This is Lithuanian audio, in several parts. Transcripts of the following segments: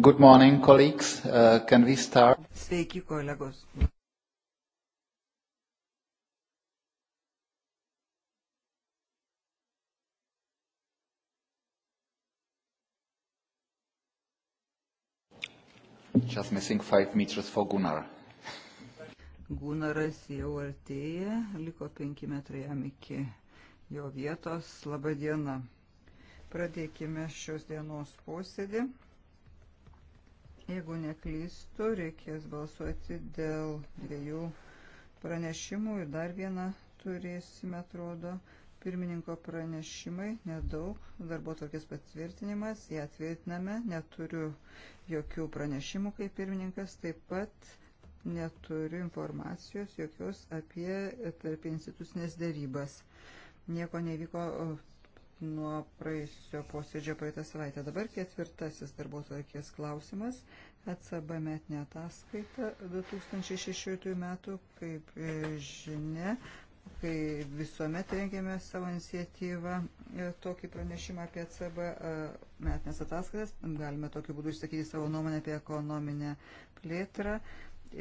Good morning, colleagues. Uh, can we start? Sveiki, kolegos. Just missing five meters for Gunnar. Gunaras jau artėja, liko penki metrai jam iki jo vietos. Labą dieną. Pradėkime šios dienos posėdį. Jeigu neklystu, reikės balsuoti dėl dviejų pranešimų ir dar vieną turėsime, atrodo, pirmininko pranešimai, nedaug, darbo tokias patvirtinimas, ją atvirtiname, neturiu jokių pranešimų kaip pirmininkas, taip pat neturiu informacijos jokios apie tarp institucinės darybas. Nieko nevyko nuo praėjusio posėdžio praeitą savaitę. Dabar ketvirtasis darbo tvarkės klausimas - ECB metinė ataskaita 2016 metų, kaip e, žinia, kai visuomet rengėme savo iniciatyvą e, tokį pranešimą apie ECB e, metinės ataskaitas, galime tokiu būdu išsakyti savo nuomonę apie ekonominę plėtrą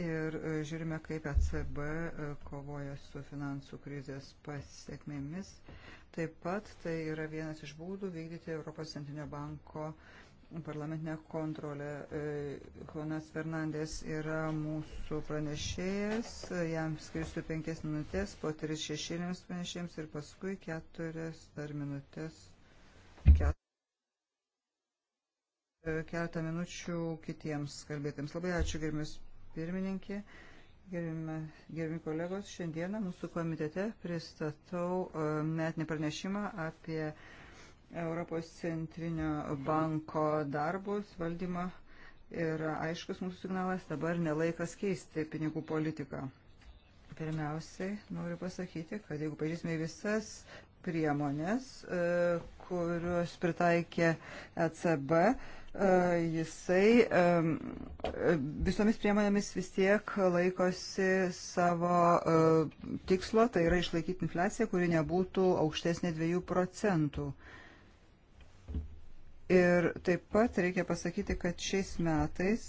ir e, žiūrime, kaip ECB e, kovoja su finansų krizės pasiekmėmis. Taip pat tai yra vienas iš būdų vykdyti Europos centrinio banko parlamentinę kontrolę. E, Jonas Fernandės yra mūsų pranešėjas, jam skirsiu penkias minutės, po tris šešėlėms pranešėjams ir paskui keturias dar minutės. Ket keletą minučių kitiems kalbėtėms. Labai ačiū, gerbiamis pirmininkė, gerbimi kolegos. Šiandieną mūsų komitete pristatau e, metinį pranešimą apie Europos centrinio banko darbus, valdymą ir aiškus mūsų signalas dabar nelaikas keisti pinigų politiką. Pirmiausiai noriu pasakyti, kad jeigu pažiūrėsime visas priemonės, e, kuriuos pritaikė ECB, E, jisai visomis priemonėmis vis tiek laikosi savo e, tikslo, tai yra išlaikyti infliaciją, kuri nebūtų aukštesnė 2 procentų. Ir taip pat reikia pasakyti, kad šiais metais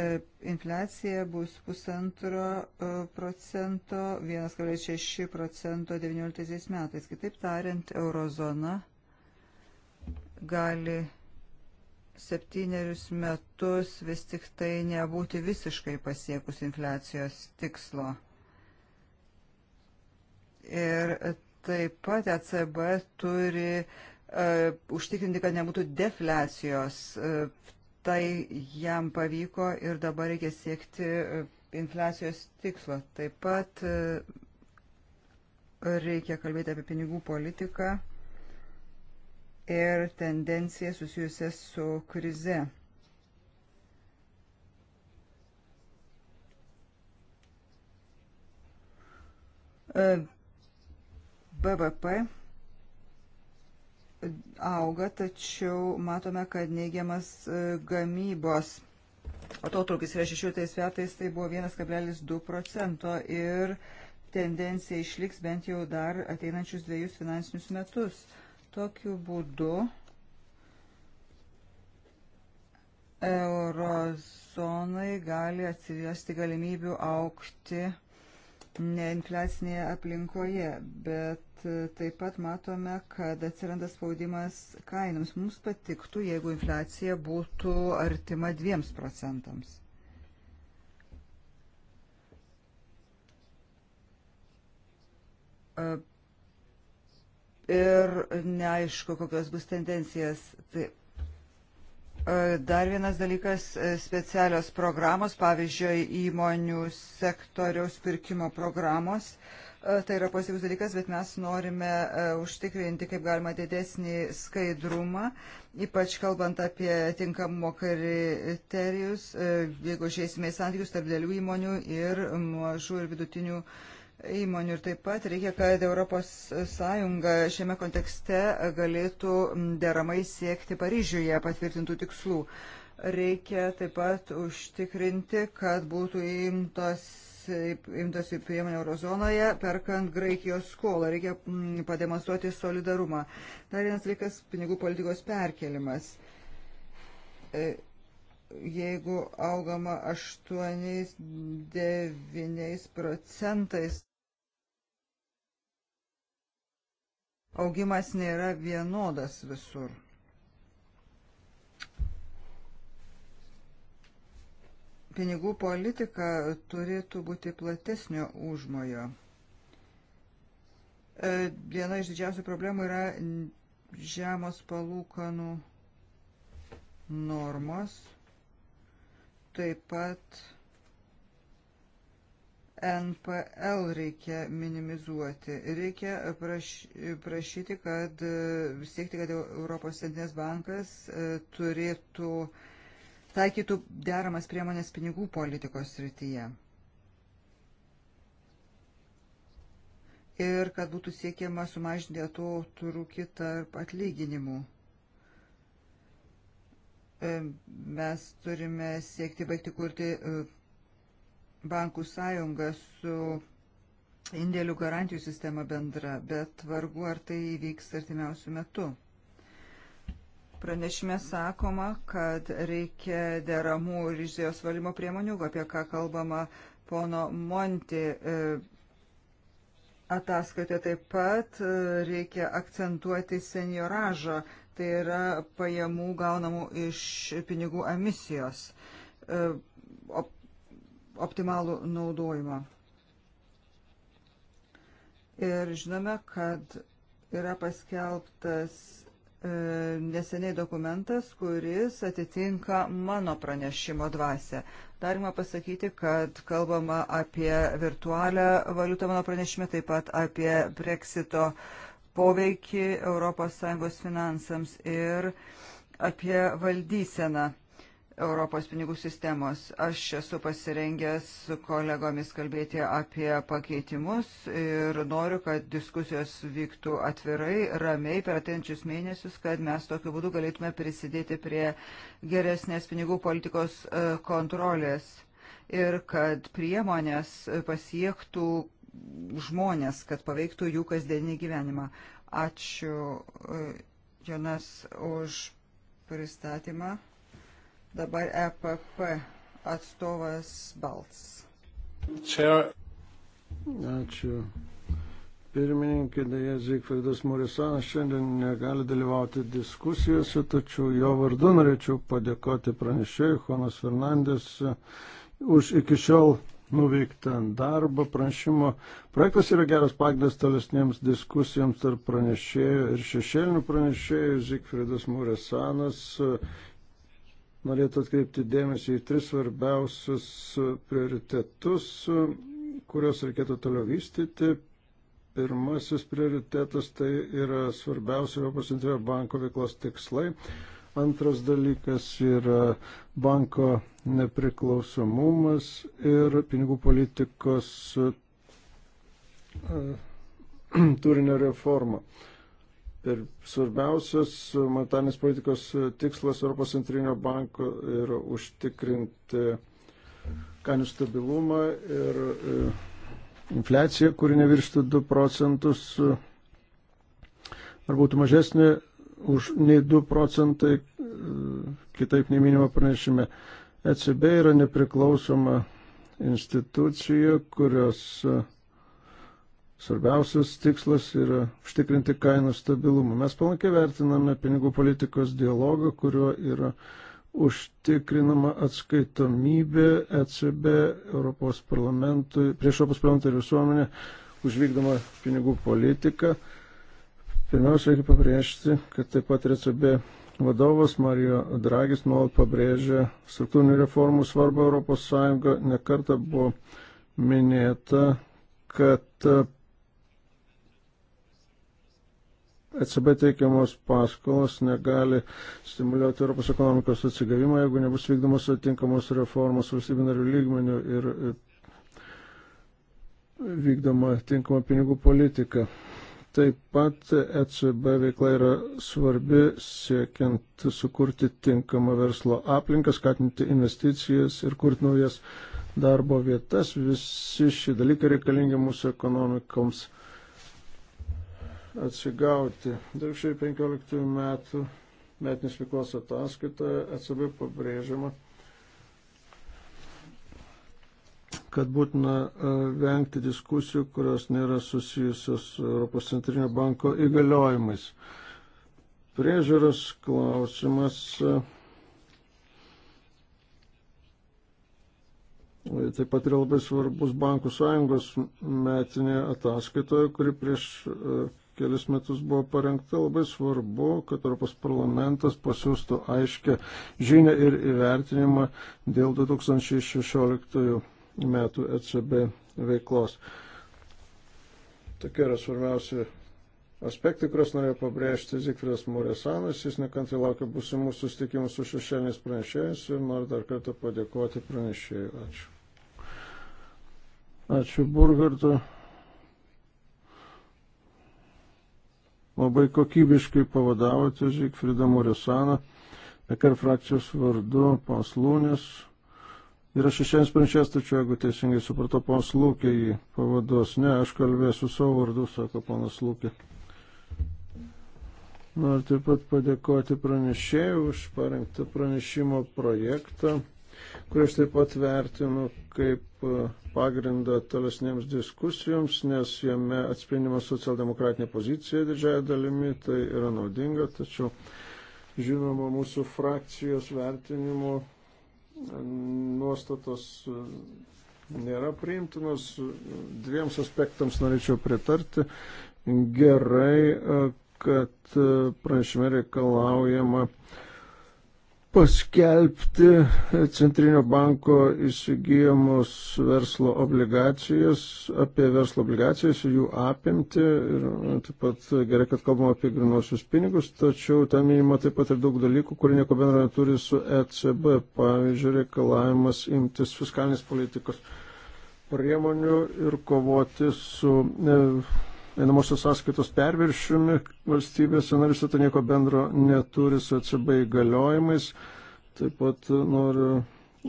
e, infliacija bus pusantro procento, 1,6 procento 19 metais. Kitaip tariant, eurozona gali septynerius metus vis tik tai nebūti visiškai pasiekus infliacijos tikslo. Ir taip pat ECB turi uh, užtikrinti, kad nebūtų defliacijos. Uh, tai jam pavyko ir dabar reikia siekti uh, infliacijos tikslo. Taip pat uh, reikia kalbėti apie pinigų politiką ir tendenciją susijusią su krize. E, BVP auga, tačiau matome, kad neigiamas e, gamybos atotrukis yra 16 metais, tai buvo 1,2 procento ir tendencija išliks bent jau dar ateinančius dviejus finansinius metus. Tokiu būdu eurozonai gali atsivesti galimybių aukti neinfliacinėje aplinkoje, bet taip pat matome, kad atsiranda spaudimas kainams. Mums patiktų, jeigu infliacija būtų artima dviems procentams. Uh, ir neaišku, kokios bus tendencijas. Taip. E, dar vienas dalykas e, - specialios programos, pavyzdžiui, įmonių sektoriaus pirkimo programos. E, tai yra pozityvus dalykas, bet mes norime užtikrinti kaip galima didesnį skaidrumą, ypač kalbant apie tinkamumo kriterijus, jeigu žiūrėsime į santykius tarp dėlių įmonių ir mažų ir vidutinių įmonių įmonių ir taip pat reikia, kad ES šiame kontekste galėtų deramai siekti Paryžiuje patvirtintų tikslų. Reikia taip pat užtikrinti, kad būtų imtos imtasi priemonių eurozonoje, perkant Graikijos skolą. Reikia mm, pademonstruoti solidarumą. Dar vienas dalykas - pinigų politikos perkelimas. E, jeigu augama 8-9 procentais, augimas nėra vienodas visur. Pinigų politika turėtų būti platesnio užmojo. E, viena iš didžiausių problemų yra žemos palūkanų normos, taip pat NPL reikia minimizuoti. Reikia prašyti, kad e, siekti, kad Europos centrinės bankas e, turėtų taikytų deramas priemonės pinigų politikos srityje. ir kad būtų siekiama sumažinti atotrukį tarp atlyginimų. E, mes turime siekti baigti kurti bankų sąjunga su indėlių garantijų sistema bendra, bet vargu ar tai įvyks artimiausių metų. Pranešime sakoma, kad reikia deramų rizijos valymo priemonių, apie ką kalbama pono Monti e, ataskaitoje taip pat e, reikia akcentuoti senioražą, tai yra pajamų gaunamų iš pinigų emisijos. E, optimalų naudojimą. Ir žinome, kad yra paskelbtas e, neseniai dokumentas, kuris atitinka mano pranešimo dvasę. Darima pasakyti, kad kalbama apie virtualią valiutą mano pranešime, taip pat apie Brexito poveikį ES finansams ir apie valdyseną Europos pinigų sistemos. Aš esu pasirengęs su kolegomis kalbėti apie pakeitimus ir noriu, kad diskusijos vyktų atvirai, ramiai per atenčius mėnesius, kad mes tokiu būdu galėtume prisidėti prie geresnės pinigų politikos e, kontrolės ir kad priemonės pasiektų žmonės, kad paveiktų jų kasdienį gyvenimą. Ačiū, e, Jonas, už pristatymą. Dabar EPP atstovas Balts. Čia. Ačiū. Pirmininkė dėja Zygfridas Morisanas šiandien negali dalyvauti diskusijose, tačiau jo vardu norėčiau padėkoti pranešėjui Jonas Fernandės už iki šiol nuveiktą darbą pranešimo. Projektas yra geras pagrindas tolesniems diskusijoms tarp pranešėjų ir šešėlinių pranešėjų. Zygfridas Muresanas norėtų atkreipti dėmesį į tris svarbiausius prioritetus, kuriuos reikėtų toliau vystyti. Pirmasis prioritetas tai yra svarbiausia Europos centrinio banko veiklos tikslai. Antras dalykas yra banko nepriklausomumas ir pinigų politikos e, turinio reforma. Uh, Ir svarbiausias monetarinės politikos tikslas Europos centrinio banko yra užtikrinti kainų stabilumą ir e, infliaciją, kuri nevirštų 2 procentus, ar būtų mažesnė už nei 2 procentai, e, kitaip nei minima pranešime. ECB yra nepriklausoma institucija, kurios e, Svarbiausias tikslas yra užtikrinti kainų stabilumą. Mes palankiai vertiname pinigų politikos dialogą, kuriuo yra užtikrinama atskaitomybė ECB Europos parlamentui, prieš Europos parlamentą ir visuomenę užvykdama pinigų politiką. Pirmiausia, reikia pabrėžti, kad taip pat ir ECB vadovas Mario Dragis nuolat pabrėžė struktūrinių reformų svarbą Europos Sąjungą. Nekarta buvo minėta, kad ECB teikiamos paskolos negali stimuliuoti Europos ekonomikos atsigavimą, jeigu nebus vykdomos atitinkamos reformos valstybinarių lygmenių ir e, vykdoma tinkama pinigų politika. Taip pat ECB veikla yra svarbi siekiant sukurti tinkamą verslo aplinką, skatinti investicijas ir kurti naujas darbo vietas. Visi šie dalykai reikalingi mūsų ekonomikoms atsigauti. 2015 metų metinės veiklos ataskaitoje atsabė pabrėžiama, kad būtina e, vengti diskusijų, kurios nėra susijusios Europos centrinio banko įgaliojimais. Priežiūros klausimas. E, taip pat yra labai svarbus Bankų sąjungos metinė ataskaitoje, kuri prieš uh, kelis metus buvo parengta, labai svarbu, kad Europos parlamentas pasiūstų aiškę žinę ir įvertinimą dėl 2016 metų ECB veiklos. Tokie yra svarbiausi aspektai, kuriuos norėjo pabrėžti Zikfridas Muresanas. Jis nekantrai laukia būsimų susitikimų su šešėliniais pranešėjais ir noriu dar kartą padėkoti pranešėjai. Ačiū. Ačiū Burgartui. labai kokybiškai pavadavote Žygfrida Muresaną, Ekar frakcijos vardu, Paslūnės. Yra šešiems pranešės, tačiau jeigu teisingai supratau, ponas Lūkė jį pavados. Ne, aš kalbėsiu savo vardu, sako ponas Lūkė. Noriu taip pat padėkoti pranešėjų už parengtą pranešimo projektą kurį aš taip pat vertinu kaip e, pagrindą tolesnėms diskusijoms, nes jame atspindima socialdemokratinė pozicija didžiaja dalimi, tai yra naudinga, tačiau žinoma mūsų frakcijos vertinimo e, nuostatos e, nėra priimtinos. Dviems aspektams norėčiau pritarti. Gerai, kad pranešime reikalaujama uh, paskelbti Centrinio banko įsigijamus verslo obligacijas, apie verslo obligacijas ir jų apimti. Ir taip pat gerai, kad kalbam apie grinuosius pinigus, tačiau ten minima taip pat ir daug dalykų, kurie nieko bendro neturi su ECB. Pavyzdžiui, reikalavimas imtis fiskalinės politikos priemonių ir kovoti su. Ne, einamosios sąskaitos perviršiumi valstybės analizė tai nieko bendro neturi su ECB įgaliojimais. Taip pat noriu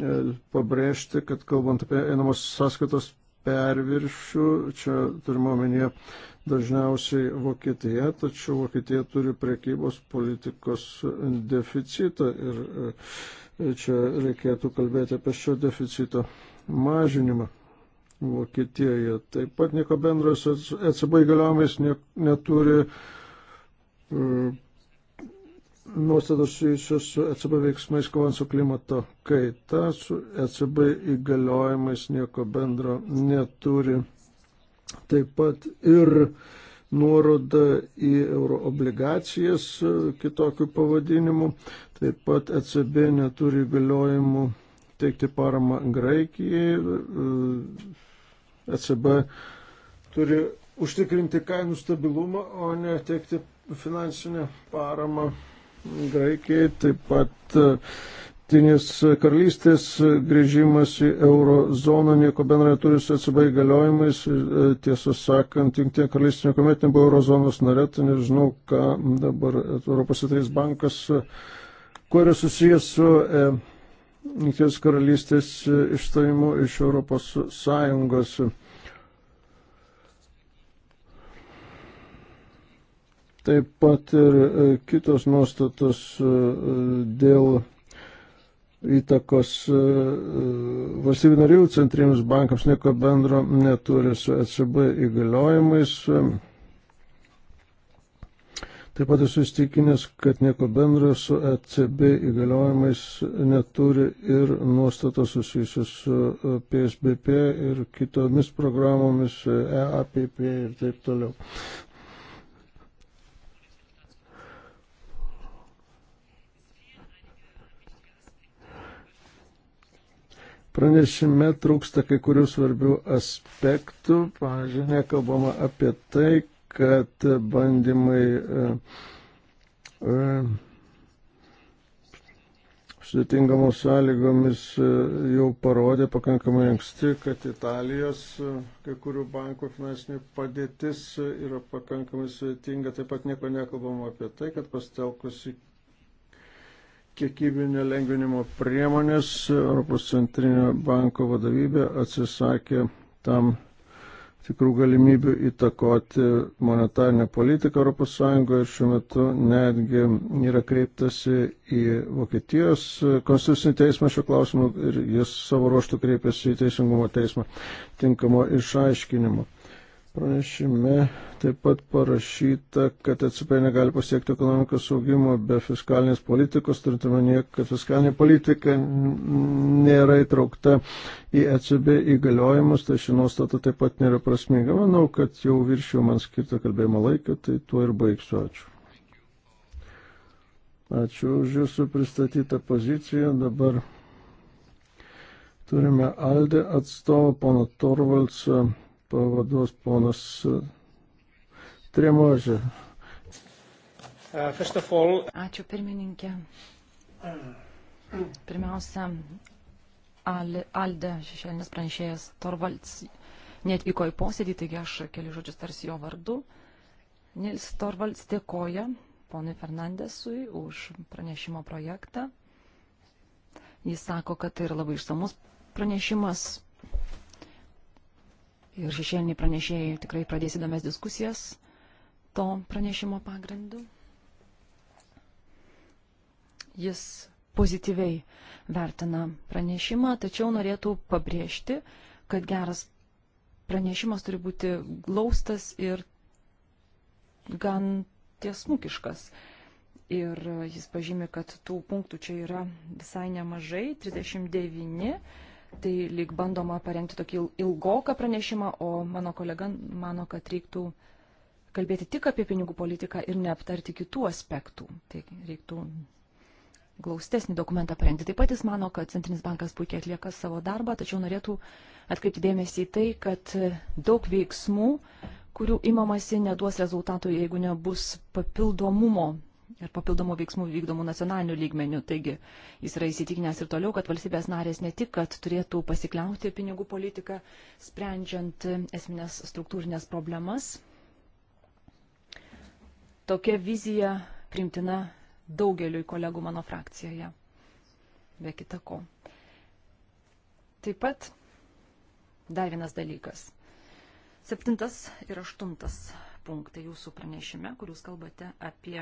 e, pabrėžti, kad kalbant apie einamosios sąskaitos perviršių, čia turime omenyje dažniausiai Vokietija, tačiau Vokietija turi prekybos politikos deficitą ir e, čia reikėtų kalbėti apie šio deficito mažinimą. Vokietijoje. Taip pat nieko bendro su ECB įgaliojimais ne, neturi um, nuostatos susijusios su ECB veiksmais kovant su klimato kaita, su ECB įgaliojimais nieko bendro neturi. Taip pat ir nuoroda į euroobligacijas e, kitokių pavadinimų, taip pat ECB neturi įgaliojimų teikti paramą Graikijai. ECB e turi užtikrinti kainų stabilumą, o ne teikti finansinę paramą Graikijai. Taip pat e, Tinės karalystės grįžimas į eurozoną nieko bendra neturi su ECB įgaliojimais. E, tiesą sakant, Junktinė karalystė niekuomet nebuvo eurozonos narė, tai nežinau, ką dabar Europos centrinis bankas, kuo yra susijęs su Jungtinės karalystės e, išstojimu iš Europos Sąjungos. Taip pat ir e, kitos nuostatos e, dėl įtakos valstybių narių centriniams bankams nieko bendro neturi su ECB įgaliojimais. Taip pat esu įstikinęs, kad nieko bendro su ECB įgaliojimais neturi ir nuostatos susijusios su PSBP e, ir kitomis programomis EAPP e ir taip toliau. Pranešime trūksta kai kurių svarbių aspektų, pavyzdžiui, nekalbama apie tai, kad bandymai e, e, sudėtingomis sąlygomis e, jau parodė pakankamai anksti, kad Italijos kai kurių bankų finansinė padėtis yra pakankamai sudėtinga. Taip pat nieko nekalbam apie tai, kad pastelkusi kiekybinio lengvinimo priemonės Europos centrinio banko vadovybė atsisakė tam tikrų galimybių įtakoti monetarinę politiką ES ir šiuo metu netgi yra kreiptasi į Vokietijos konstitucinį teismą šio klausimu ir jis savo ruoštų kreipėsi į Teisingumo teismą tinkamo išaiškinimo. Pranešime taip pat parašyta, kad ECB negali pasiekti ekonomikos augimo be fiskalinės politikos, turint omenyje, kad fiskalinė politika nėra įtraukta į ECB įgaliojimus, tai ši nuostata taip pat nėra prasminga. Manau, kad jau viršiau man skirtą kalbėjimo laiką, tai tuo ir baigsiu. Ačiū. Ačiū už Jūsų pristatytą poziciją. Dabar turime Aldė atstovą, pono Torvaldsą pavaduos ponas e, Tremožė. E, Ačiū pirmininkė. Pirmiausia, Alde šešėlinis pranešėjas Torvalds neatvyko į posėdį, taigi aš keli žodžius tarsi jo vardu. Nils Torvalds dėkoja ponui Fernandesui už pranešimo projektą. Jis sako, kad tai yra labai išsamus pranešimas, ir šešėliniai pranešėjai tikrai pradės įdomias diskusijas to pranešimo pagrindu. Jis pozityviai vertina pranešimą, tačiau norėtų pabrėžti, kad geras pranešimas turi būti glaustas ir gan tiesmukiškas. Ir jis pažymė, kad tų punktų čia yra visai nemažai - 39 Tai lyg bandoma parengti tokį ilgoką pranešimą, o mano kolega mano, kad reiktų kalbėti tik apie pinigų politiką ir neaptarti kitų aspektų. Tai reiktų glaustesnį dokumentą parengti. Taip pat jis mano, kad Centrinis bankas puikiai atlieka savo darbą, tačiau norėtų atkreipti dėmesį į tai, kad daug veiksmų, kurių imamasi, neduos rezultatų, jeigu nebus papildomumo ir papildomų veiksmų vykdomų nacionalinių lygmenių. Taigi jis yra įsitikinęs ir toliau, kad valstybės narės ne tik, kad turėtų pasikliauti pinigų politiką, sprendžiant esminės struktūrinės problemas. Tokia vizija primtina daugeliui kolegų mano frakcijoje, be kita ko. Taip pat dar vienas dalykas. Septintas ir aštuntas punktai jūsų pranešime, kur jūs kalbate apie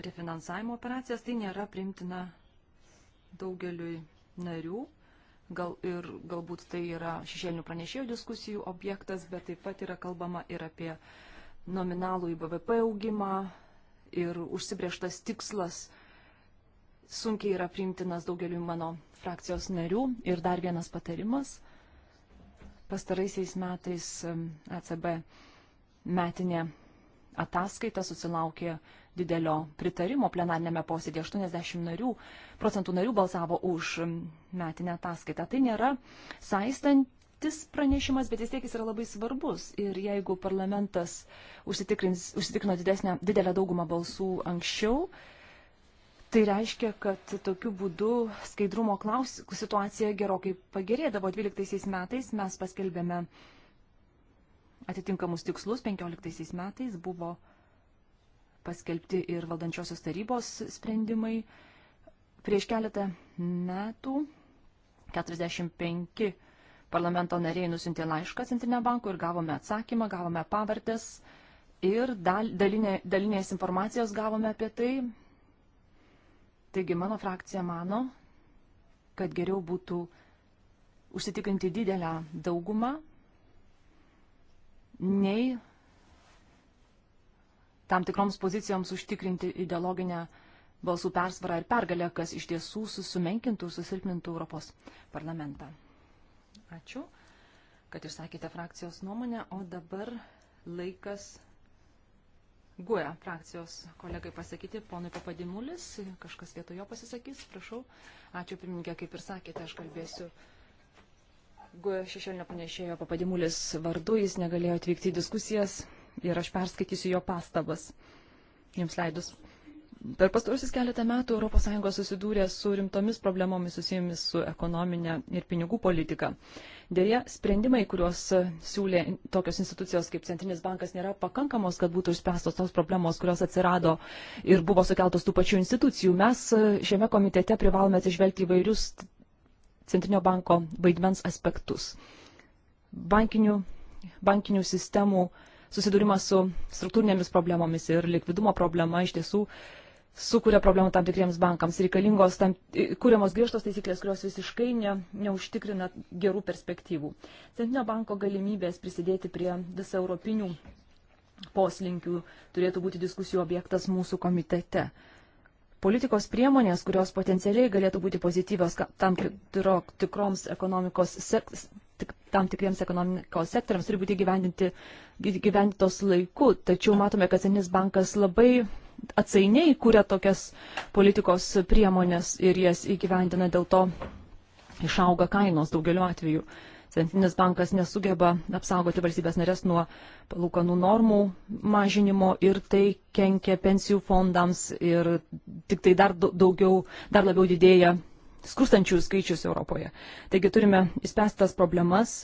refinansavimo operacijas, tai nėra primtina daugeliui narių. Gal ir galbūt tai yra šešėlinių pranešėjų diskusijų objektas, bet taip pat yra kalbama ir apie nominalų į BVP augimą ir užsibrieštas tikslas sunkiai yra priimtinas daugeliu mano frakcijos narių. Ir dar vienas patarimas. Pastaraisiais metais ECB metinė ataskaita susilaukė uh, didelio pritarimo plenarnėme posėdėje. 80 narių, procentų narių balsavo už metinę ataskaitą. Tai nėra saistantis pranešimas, bet vis tiek jis yra labai svarbus. Ir jeigu parlamentas užsitikrino didesnę, didelę daugumą balsų anksčiau, Tai reiškia, kad tokiu būdu skaidrumo klaus, situacija gerokai pagerėdavo. 12 metais mes paskelbėme atitinkamus tikslus, 15 metais buvo paskelbti ir valdančiosios tarybos sprendimai. Prieš keletą metų 45 parlamento nariai nusintė laišką Centrinio banko ir gavome atsakymą, gavome pavardės ir dal, dalinė, dalinės informacijos gavome apie tai. Taigi mano frakcija mano, kad geriau būtų užsitikrinti didelę daugumą, nei tam tikroms pozicijoms užtikrinti ideologinę balsų persvarą ir pergalę, kas iš tiesų susumenkintų ir susilpnintų Europos parlamentą. Ačiū, kad išsakėte frakcijos nuomonę, o dabar laikas GUE frakcijos kolegai pasakyti, ponui Papadimulis, kažkas vietojo pasisakys, prašau. Ačiū pirmininkė, kaip ir sakėte, aš kalbėsiu GUE šešėlinio panešėjo Papadimulis vardu, jis negalėjo atvykti į diskusijas ir aš perskaitysiu jo pastabas. Jums leidus. Per pastarusius keletą metų ES susidūrė su rimtomis problemomis susijomis su ekonominė ir pinigų politika. Deja, sprendimai, kuriuos siūlė tokios institucijos kaip Centrinis bankas, nėra pakankamos, kad būtų išspręstos tos problemos, kurios atsirado ir buvo sukeltos tų pačių institucijų. Mes šiame komitete privalome atsižvelgti įvairius Centrinio banko vaidmens aspektus. Bankinių, bankinių sistemų uh, susidūrimas su struktūrinėmis problemomis ir likvidumo problema iš tiesų sukuria problemų tam tikriems bankams. Reikalingos tam, kuriamos griežtos taisyklės, kurios visiškai ne, neužtikrina gerų perspektyvų. Centrinio banko galimybės prisidėti prie visą europinių poslinkių turėtų būti diskusijų objektas mūsų komitete politikos priemonės, kurios potencialiai galėtų būti pozityvios tam tikro, tikroms ekonomikos sek, tam tikriems ekonomikos sektoriams turi būti gyventos laiku. Tačiau matome, kad Centrinis bankas labai atsainiai kūrė tokias politikos priemonės ir jas įgyvendina, dėl to išauga kainos daugeliu atveju. Centrinis bankas nesugeba apsaugoti valstybės narės nuo palūkanų normų mažinimo ir tai kenkia pensijų fondams ir tik tai dar daugiau, dar labiau didėja skurstančių skaičius Europoje. Taigi turime įspręsti tas problemas,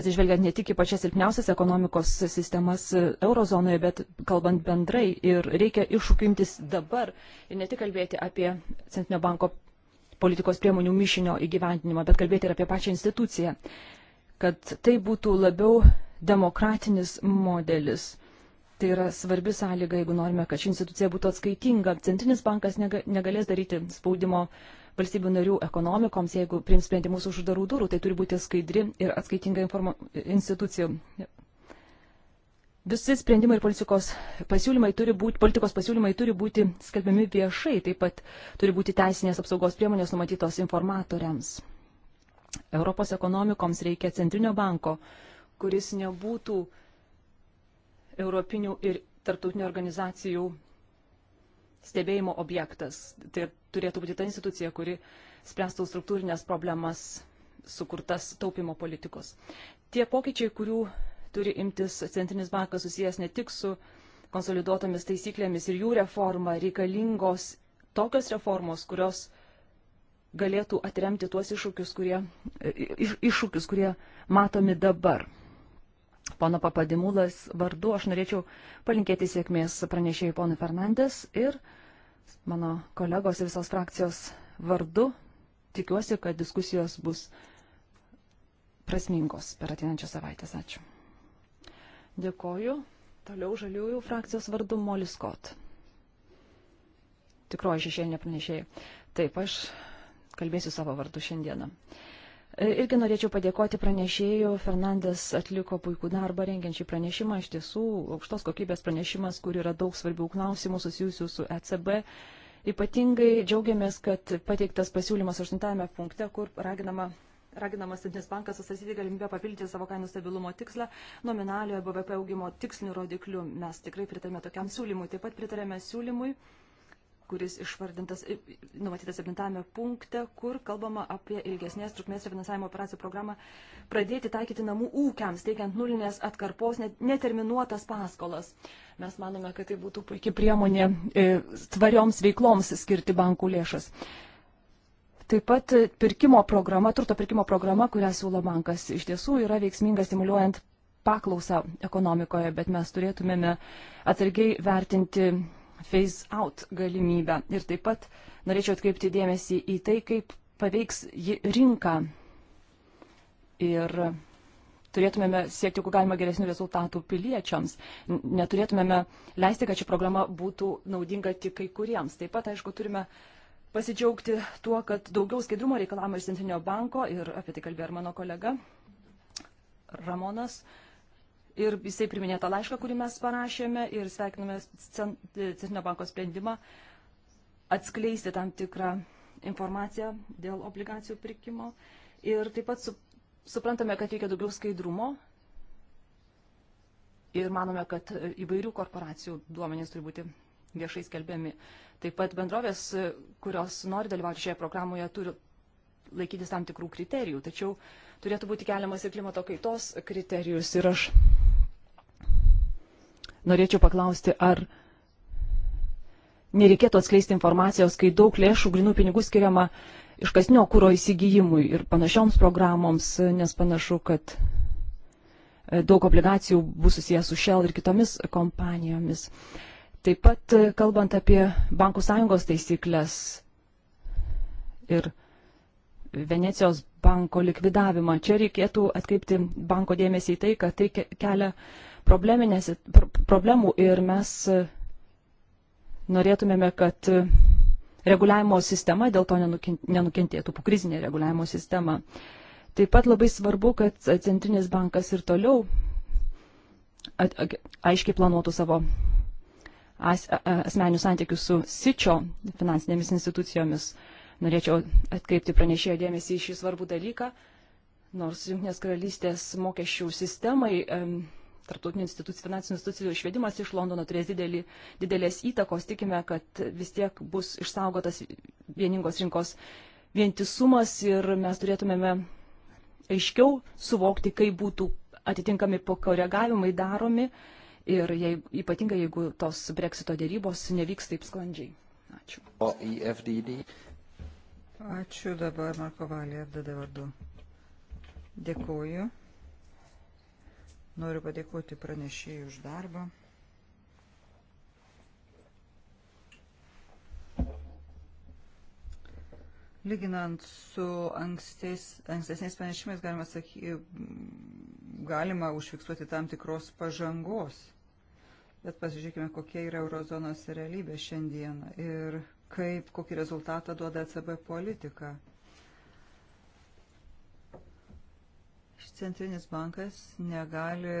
atsižvelgiant ne tik į pačias silpniausias ekonomikos sistemas eurozonoje, bet kalbant bendrai ir reikia iššūkintis dabar ir ne tik kalbėti apie Centrinio banko politikos priemonių mišinio įgyvendinimą, bet kalbėti ir apie pačią instituciją, kad tai būtų labiau demokratinis modelis Tai yra svarbi sąlyga, jeigu norime, kad ši institucija būtų atskaitinga. Centrinis bankas negalės daryti spaudimo valstybių narių ekonomikoms, jeigu priims sprendimus už uždarų durų, tai turi būti skaidri ir atskaitinga informa... institucija. Visi sprendimai ir politikos pasiūlymai turi būti, politikos pasiūlymai turi būti skelbiami viešai, taip pat turi būti teisinės apsaugos priemonės numatytos informatoriams. Europos ekonomikoms reikia centrinio banko, kuris nebūtų uh, europinių ir tarptautinių organizacijų stebėjimo objektas. Tai turėtų būti ta institucija, kuri spręstų struktūrinės problemas sukurtas taupimo politikos. Tie pokyčiai, kurių turi imtis Centrinis bankas susijęs ne tik su konsoliduotomis taisyklėmis ir jų reforma, reikalingos tokios reformos, kurios galėtų atremti tuos iššūkius, kurie, iš, iššūkius, kurie matomi dabar pono Papadimulas vardu aš norėčiau palinkėti sėkmės pranešėjai ponui Fernandes ir mano kolegos ir visos frakcijos vardu tikiuosi, kad diskusijos bus prasmingos per ateinančią savaitę. Ačiū. Dėkoju. Toliau žaliųjų frakcijos vardu Molis Kot. Tikroji šešėlinė pranešėjai. Taip, aš kalbėsiu savo vardu šiandieną. Uh, Irgi norėčiau padėkoti pranešėjų. Fernandas atliko puikų darbą rengiančiai pranešimą. Iš tiesų, aukštos kokybės pranešimas, kur yra daug svarbių klausimų susijusių su ECB. Ypatingai džiaugiamės, kad pateiktas pasiūlymas 8 punkte, kur raginama. Raginamas Centrinis bankas susasyti galimybę papildyti savo kainų stabilumo tikslą nominaliojo BVP augimo tikslinių rodiklių. Mes tikrai pritarėme tokiam siūlymui. Taip pat pritarėme siūlymui uh, kuris išvardintas, numatytas 7 punkte, kur kalbama apie ilgesnės trukmės refinansavimo operacijų programą pradėti taikyti namų ūkiams, teikiant nulinės atkarpos neterminuotas paskolas. Mes manome, kad tai būtų puikia priemonė tvarioms veikloms skirti bankų lėšas. Taip pat pirkimo programa, turto pirkimo programa, kurią siūlo bankas, iš tiesų yra veiksminga stimuliuojant paklausą ekonomikoje, bet mes turėtumėme atsargiai vertinti phase out galimybę. Ir taip pat norėčiau atkreipti dėmesį į tai, kaip paveiks rinką. Ir turėtumėme siekti, kuo galima geresnių rezultatų piliečiams. Neturėtumėme leisti, kad ši programa būtų naudinga tik kai kuriems. Taip pat, aišku, turime pasidžiaugti tuo, kad daugiau skaidrumo reikalavimo iš Centrinio banko ir apie tai kalbėjo ir mano kolega Ramonas. Uh, Ir jisai priminė tą laišką, kurį mes parašėme ir sveikiname Centrinio banko sprendimą atskleisti tam tikrą informaciją dėl obligacijų pirkimo. Ir taip pat su, suprantame, kad reikia daugiau skaidrumo ir manome, kad įvairių korporacijų duomenys turi būti viešai skelbiami. Taip pat bendrovės, kurios nori dalyvauti šioje programoje, turi laikytis tam tikrų kriterijų, tačiau turėtų būti keliamas ir klimato kaitos kriterijus. Ir aš norėčiau paklausti, ar nereikėtų atskleisti informacijos, kai daug lėšų grinų pinigų skiriama iškasnio kūro įsigijimui ir panašioms programoms, nes panašu, kad e, daug obligacijų bus susijęs su Shell ir kitomis kompanijomis. Taip pat, e, kalbant apie bankų sąjungos taisyklės ir Venecijos banko likvidavimą, čia reikėtų atkreipti banko dėmesį į tai, kad tai kelia problemų ir mes e, norėtumėme, kad e, reguliavimo sistema dėl to nenukentėtų, pokrizinė reguliavimo sistema. Taip pat labai svarbu, kad e, Centrinis bankas ir toliau aiškiai planuotų savo as, asmenių santykių su sičio finansinėmis institucijomis. Norėčiau atkreipti pranešėjo dėmesį į šį svarbų dalyką, nors Junktinės karalystės mokesčių sistemai. Um, tarptautinių institucijų, finansinių institucijų išvedimas iš Londono turės didelį, didelės įtakos. Tikime, kad vis tiek bus išsaugotas vieningos rinkos vientisumas ir mes turėtumėme aiškiau suvokti, kaip būtų atitinkami pakoregavimai daromi ir jei, ypatingai jeigu tos breksito dėrybos nevyks taip sklandžiai. Ačiū. O EFDD? Ačiū dabar Marko Valė, FDD vardu. Dėkuoju. Noriu padėkoti pranešėjai už darbą. Lyginant su ankstės, ankstesniais pranešimais galima, saky, galima užfiksuoti tam tikros pažangos, bet pasižiūrėkime, kokia yra eurozonos realybė šiandien ir kaip, kokį rezultatą duoda ECB politika. Centrinis bankas negali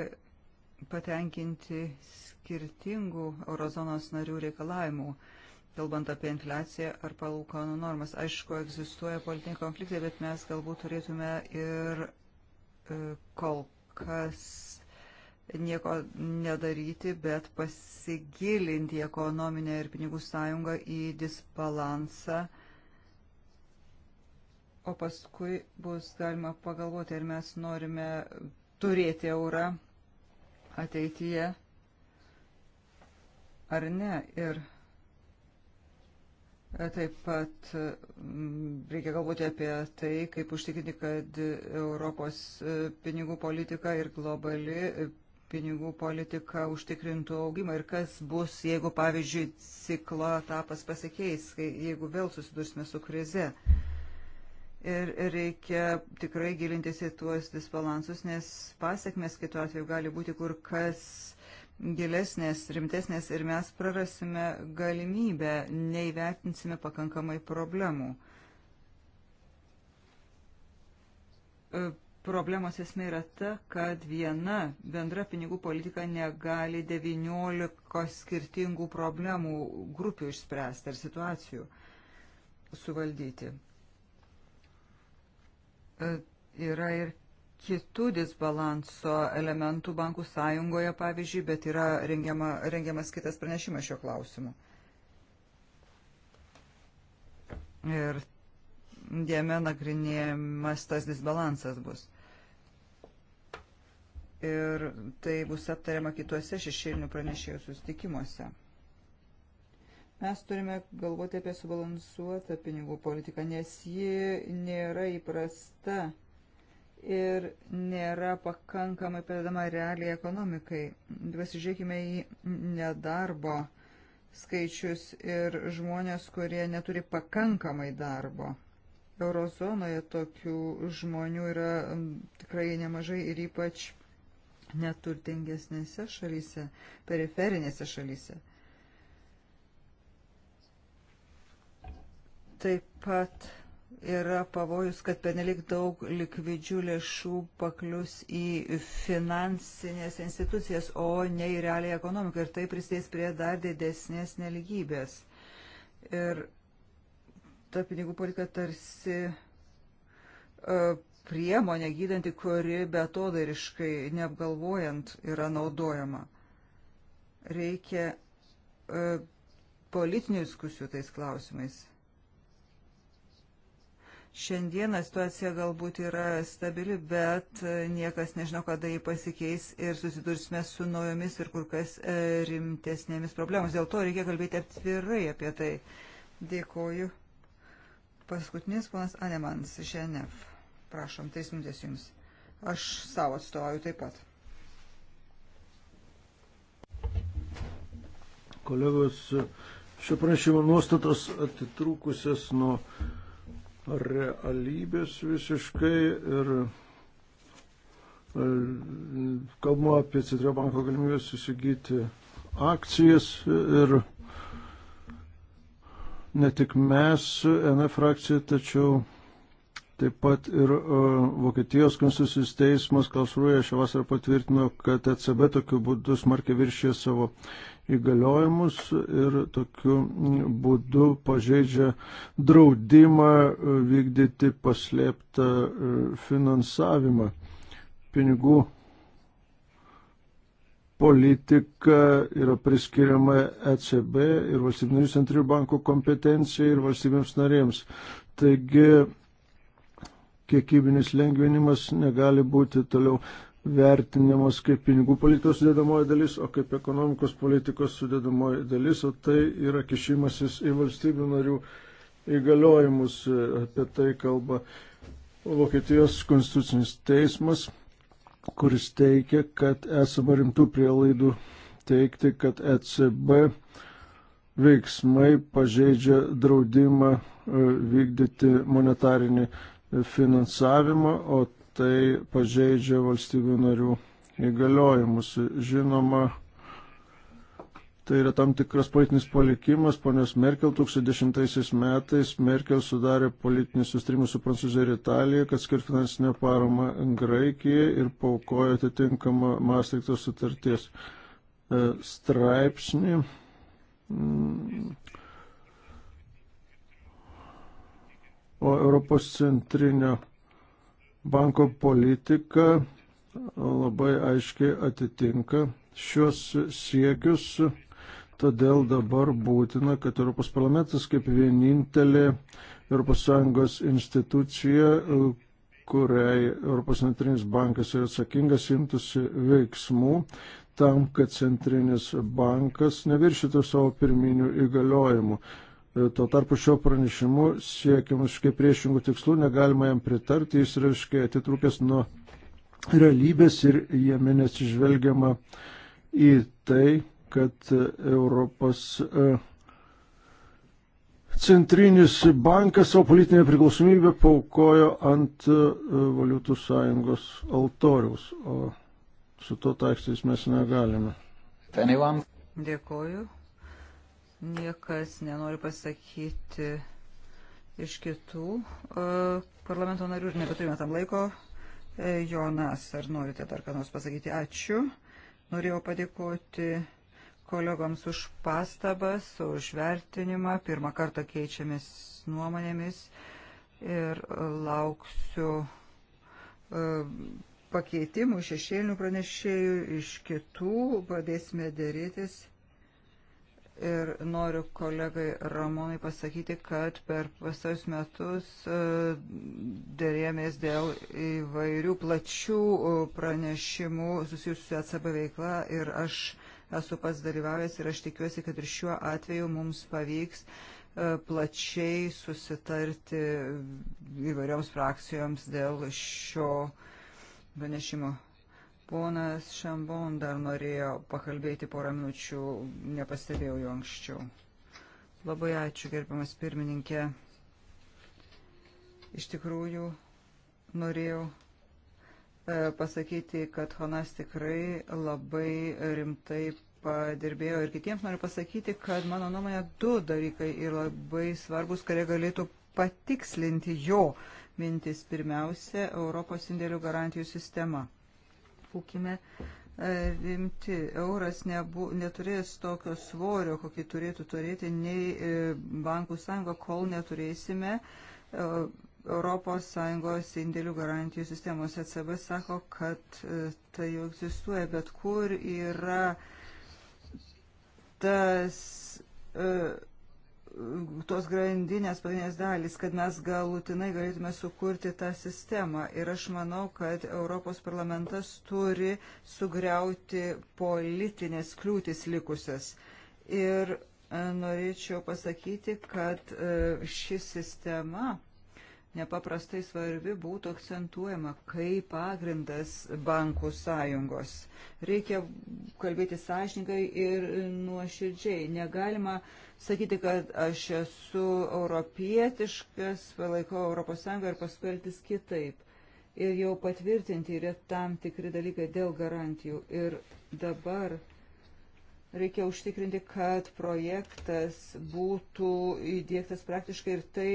patenkinti skirtingų eurozonos narių reikalavimų, kalbant apie infliaciją ar palūkanų normas. Aišku, egzistuoja politiniai konfliktai, bet mes galbūt turėtume ir e, kol kas nieko nedaryti, bet pasigilinti ekonominę ir pinigų sąjungą į disbalansą o paskui bus galima pagalvoti, ar mes norime turėti eurą ateityje ar ne. Ir Taip pat mm, reikia galvoti apie tai, kaip užtikrinti, kad Europos e, pinigų politika ir globali e, pinigų politika užtikrintų augimą ir kas bus, jeigu, pavyzdžiui, ciklo etapas pasikeis, jeigu vėl susidursime su krize. Uh, Ir reikia tikrai gilintis į tuos disbalansus, nes pasiekmes kitu atveju gali būti kur kas gilesnės, rimtesnės ir mes prarasime galimybę, neįvertinsime pakankamai problemų. E, problemos esmė yra ta, kad viena bendra pinigų politika negali 19 skirtingų problemų grupių išspręsti ar situacijų suvaldyti. E, yra ir kitų disbalanso elementų bankų sąjungoje, pavyzdžiui, bet yra rengiama, rengiamas kitas pranešimas šio klausimu. Ir jame nagrinėjimas tas disbalansas bus. Ir tai bus aptariama kituose šešėlinių pranešėjų sustikimuose. Mes turime galvoti apie subalansuotą pinigų politiką, nes ji nėra įprasta ir nėra pakankamai padedama realiai ekonomikai. Pasižiūrėkime į nedarbo skaičius ir žmonės, kurie neturi pakankamai darbo. Eurozonoje tokių žmonių yra tikrai nemažai ir ypač neturtingesnėse šalyse, periferinėse šalyse. Taip pat yra pavojus, kad penelik daug likvidžių lėšų paklius į finansinės institucijas, o ne į realią ekonomiką ir tai prisidės prie dar didesnės neligybės. Ir ta pinigų politika tarsi e, priemonė gydanti, kuri betodariškai neapgalvojant yra naudojama. Reikia e, politinių diskusijų tais klausimais. Šiandieną situacija galbūt yra stabili, bet e, niekas nežino, kada jį pasikeis ir susidursime su naujomis ir kur kas e, rimtesnėmis problemomis. Dėl to reikia kalbėti atvirai apie tai. Dėkoju. Paskutinis ponas Anemans iš NF. Prašom, tris minutės jums. Aš savo atstovauju taip pat. Kolegos, šio pranešimo nuostatos atitrūkusios nuo realybės visiškai ir e, kalbu apie Centrinio banko galimybės įsigyti akcijas ir ne tik mes, NF frakcija, tačiau Taip pat ir uh, Vokietijos konstitucinis teismas Kalsruje šią vasarą patvirtino, kad ECB tokiu būdu smarkiai viršė savo įgaliojimus ir tokiu būdu pažeidžia draudimą e, vykdyti paslėptą e, finansavimą. Pinigų politika yra priskiriama ECB ir valstybinių centrinių bankų kompetencijai ir valstybėms narėms. Taigi kiekybinis lengvinimas negali būti toliau vertinimas kaip pinigų politikos sudėdamoji dalis, o kaip ekonomikos politikos sudėdamoji dalis, o tai yra kišimasis į valstybių narių įgaliojimus. Apie tai kalba Vokietijos konstitucinis teismas, kuris teikia, kad esama rimtų prielaidų teikti, kad ECB veiksmai pažeidžia draudimą e, vykdyti monetarinį finansavimą, o tai pažeidžia valstybių narių įgaliojimus. Žinoma, tai yra tam tikras politinis palikimas. Ponios Merkel 2010 metais Merkel sudarė politinį sustrimą su Prancūzija ir Italija, kad skir finansinę paramą Graikijai ir paukojo atitinkamą Maastrichto sutarties e, straipsnį mm, O Europos centrinio banko politika labai aiškiai atitinka šios siekius. Todėl dabar būtina, kad Europos parlamentas kaip vienintelė ES institucija, kuriai Europos centrinis bankas yra atsakingas, imtųsi veiksmų tam, kad centrinis bankas neviršytų savo pirminių įgaliojimų. E, tuo tarpu šio pranešimu siekiam visiškai priešingų tikslų, negalima jam pritarti, jis yra visiškai atitrūkęs nuo realybės ir jame nesižvelgiama į tai, kad Europos e, centrinis bankas savo politinę priklausomybę paukojo ant e, valiutų sąjungos altoriaus, o su to taikstytis mes negalime. Dėkuoju. Niekas nenori pasakyti iš kitų e, parlamento narių ir nebeturime tam laiko. E, Jonas, ar norite dar ką nors pasakyti? Ačiū. Norėjau padėkoti kolegoms už pastabas, už vertinimą. Pirmą kartą keičiamės nuomonėmis ir lauksiu e, pakeitimų šešėlinių pranešėjų iš kitų. Padėsime dėrėtis Ir noriu kolegai Ramonai pasakyti, kad per pasarius metus e, dėrėmės dėl įvairių plačių e, pranešimų susijusių su ECB veikla ir aš esu pats dalyvavęs ir aš tikiuosi, kad ir šiuo atveju mums pavyks e, plačiai susitarti įvairioms frakcijoms dėl šio pranešimo. Ponas Šambon dar norėjo pakalbėti porą minučių, nepastebėjau jo anksčiau. Labai ačiū, gerbiamas pirmininkė. Iš tikrųjų, norėjau e, pasakyti, kad Honas tikrai labai rimtai padirbėjo ir kitiems noriu pasakyti, kad mano nuomonė du dalykai yra labai svarbus, kurie galėtų patikslinti jo mintis. Pirmiausia, Europos indėlių garantijų sistema būkime e, rimti. Euras nebu, neturės tokio svorio, kokį turėtų turėti nei e, bankų sąjunga, kol neturėsime ES indėlių garantijų sistemos. ECB sako, kad e, tai jau egzistuoja, bet kur yra tas tos grandinės pagrindinės dalys, kad mes galutinai galėtume sukurti tą sistemą. Ir aš manau, kad Europos parlamentas turi sugriauti politinės kliūtis likusias. Ir e, norėčiau pasakyti, kad e, ši sistema nepaprastai svarbi būtų akcentuojama kaip pagrindas bankų sąjungos. Reikia kalbėti sąžininkai ir nuoširdžiai. Negalima sakyti, kad aš esu europietiškas, palaikau ES ir paskui elgtis kitaip. Ir jau patvirtinti yra tam tikri dalykai dėl garantijų. Ir dabar Reikia užtikrinti, kad projektas būtų įdėktas praktiškai ir tai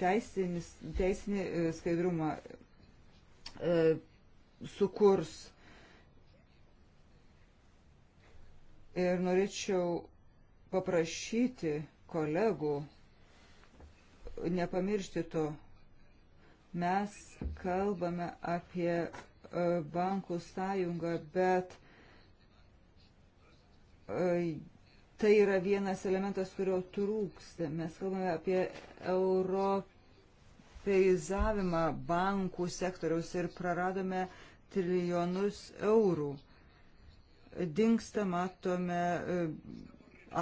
teisinis, teisinį e, skaidrumą e, sukurs. Ir norėčiau paprašyti kolegų nepamiršti to. Mes kalbame apie e, bankų sąjungą, bet uh, tai yra vienas elementas, kurio trūksta. Mes kalbame apie europeizavimą bankų sektoriaus ir praradome trilijonus eurų. Dinksta, matome,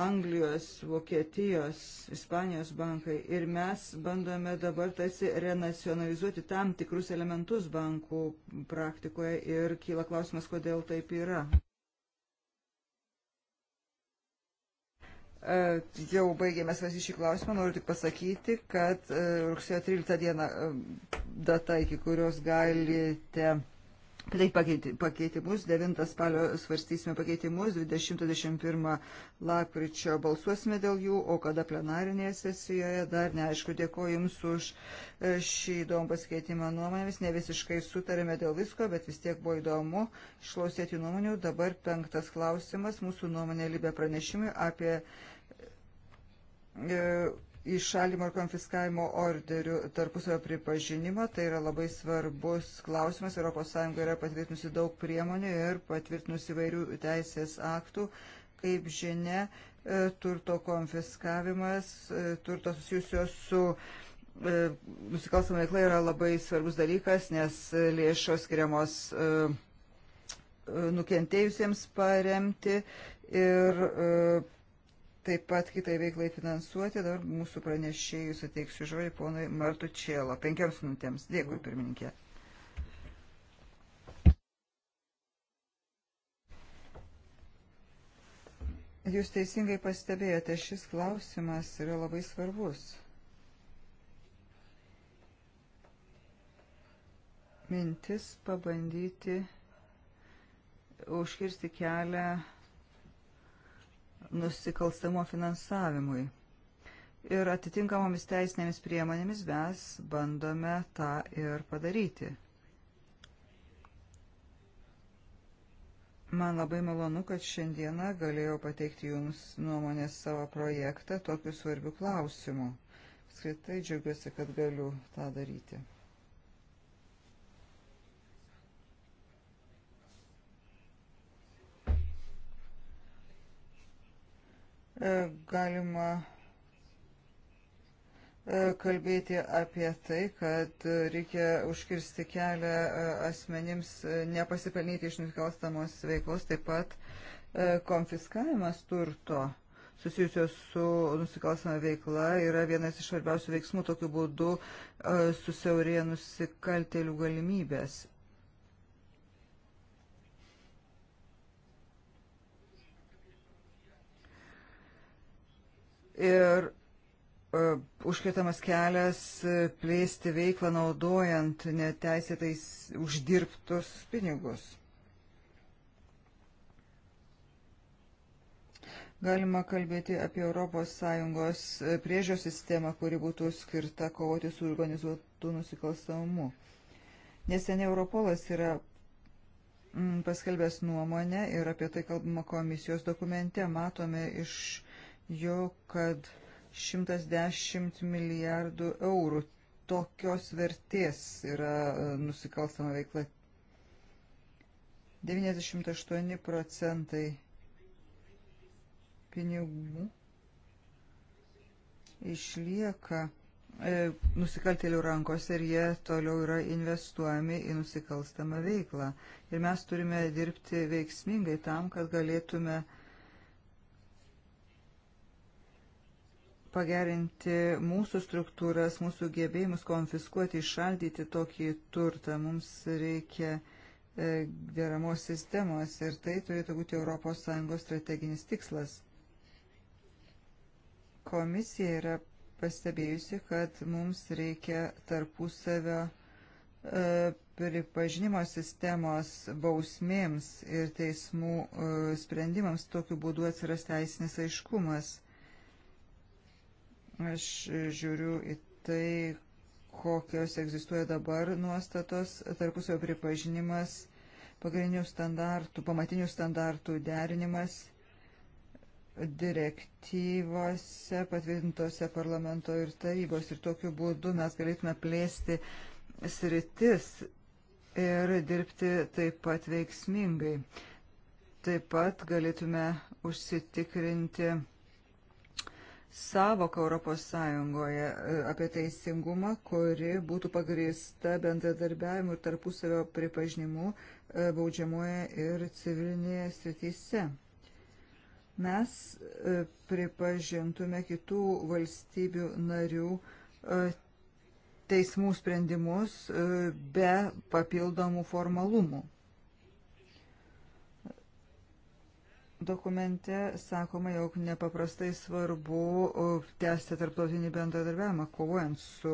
Anglijos, Vokietijos, Ispanijos bankai ir mes bandome dabar tarsi renacionalizuoti tam tikrus elementus bankų praktikoje ir kyla klausimas, kodėl taip yra. E, jau baigėme svarstyti šį klausimą, noriu tik pasakyti, kad e, rugsėjo 13 diena e, data, iki kurios galite pateikti pakeitimus, 9 spalio svarstysime pakeitimus, 20-21 lapkričio balsuosime dėl jų, o kada plenarinėje sesijoje, dar neaišku, dėkoju Jums už šį įdomų pasikeitimą nuomonėmis, ne visiškai sutarėme dėl visko, bet vis tiek buvo įdomu išklausyti nuomonių. Dabar penktas klausimas, mūsų nuomonė Libė pranešimui apie išalimo e, ir konfiskavimo orderių tarpusavio pripažinimo. Tai yra labai svarbus klausimas. ES yra patvirtinusi daug priemonių ir patvirtinusi vairių teisės aktų. Kaip žinia, e, turto konfiskavimas, e, turto susijusios su nusikalstama veikla yra labai svarbus dalykas, nes lėšos skiriamos nukentėjusiems paremti ir taip pat kitai veiklai finansuoti. Dabar mūsų pranešėjų suteiksiu žodį ponui Martučielo. Penkioms minutėms. Dėkui, pirmininkė. Jūs teisingai pastebėjote, šis klausimas yra labai svarbus. Mintis pabandyti užkirsti kelią nusikalstamo finansavimui. Ir atitinkamomis teisinėmis priemonėmis mes bandome tą ir padaryti. Man labai malonu, kad šiandieną galėjau pateikti Jums nuomonės savo projektą tokiu svarbiu klausimu. Skritai džiaugiuosi, kad galiu tą daryti. E, galima e, kalbėti apie tai, kad reikia užkirsti kelią e, asmenims nepasipelnyti iš nusikalstamos veiklos, taip pat konfiskavimas turto susijusios su nusikalstama veikla yra vienas iš svarbiausių veiksmų, tokiu būdu susiaurėja nusikaltelių galimybės ir uh, e, užkėtamas kelias e, plėsti veiklą naudojant neteisėtais uždirbtus pinigus. Galima kalbėti apie ES e, priežios sistemą, kuri būtų skirta kovoti su organizuotų nusikalstamumu. Neseniai Europolas yra mm, paskelbęs nuomonę ir apie tai kalbama komisijos dokumente. Matome iš jo, kad 110 milijardų eurų tokios vertės yra e, nusikalstama veikla. 98 procentai pinigų išlieka e, nusikaltėlių rankose ir jie toliau yra investuojami į nusikalstamą veiklą. Ir mes turime dirbti veiksmingai tam, kad galėtume e, pagerinti mūsų struktūras, mūsų gebėjimus konfiskuoti, išaldyti tokį turtą. Mums reikia e, deramos sistemos ir tai turėtų būti ES strateginis tikslas. Komisija yra pastebėjusi, kad mums reikia tarpusavio e, pripažinimo sistemos bausmėms ir teismų e, sprendimams tokiu būdu atsiras teisinis aiškumas. Aš žiūriu į tai, kokios egzistuoja dabar nuostatos, tarpusio pripažinimas, pagrindinių standartų, pamatinių standartų derinimas direktyvose patvirtintose parlamento ir tarybos. Ir tokiu būdu mes galėtume plėsti sritis ir dirbti taip pat veiksmingai. Taip pat galėtume užsitikrinti savoką Europos Sąjungoje e, apie teisingumą, kuri būtų pagrįsta bendradarbiavimu ir tarpusavio pripažinimu e, baudžiamoje ir civilinėje srityse. Mes e, pripažintume kitų valstybių narių teismų sprendimus be papildomų formalumų. Dokumente sakoma, jog nepaprastai svarbu tęsti tarptautinį bendradarbiavimą, kovojant su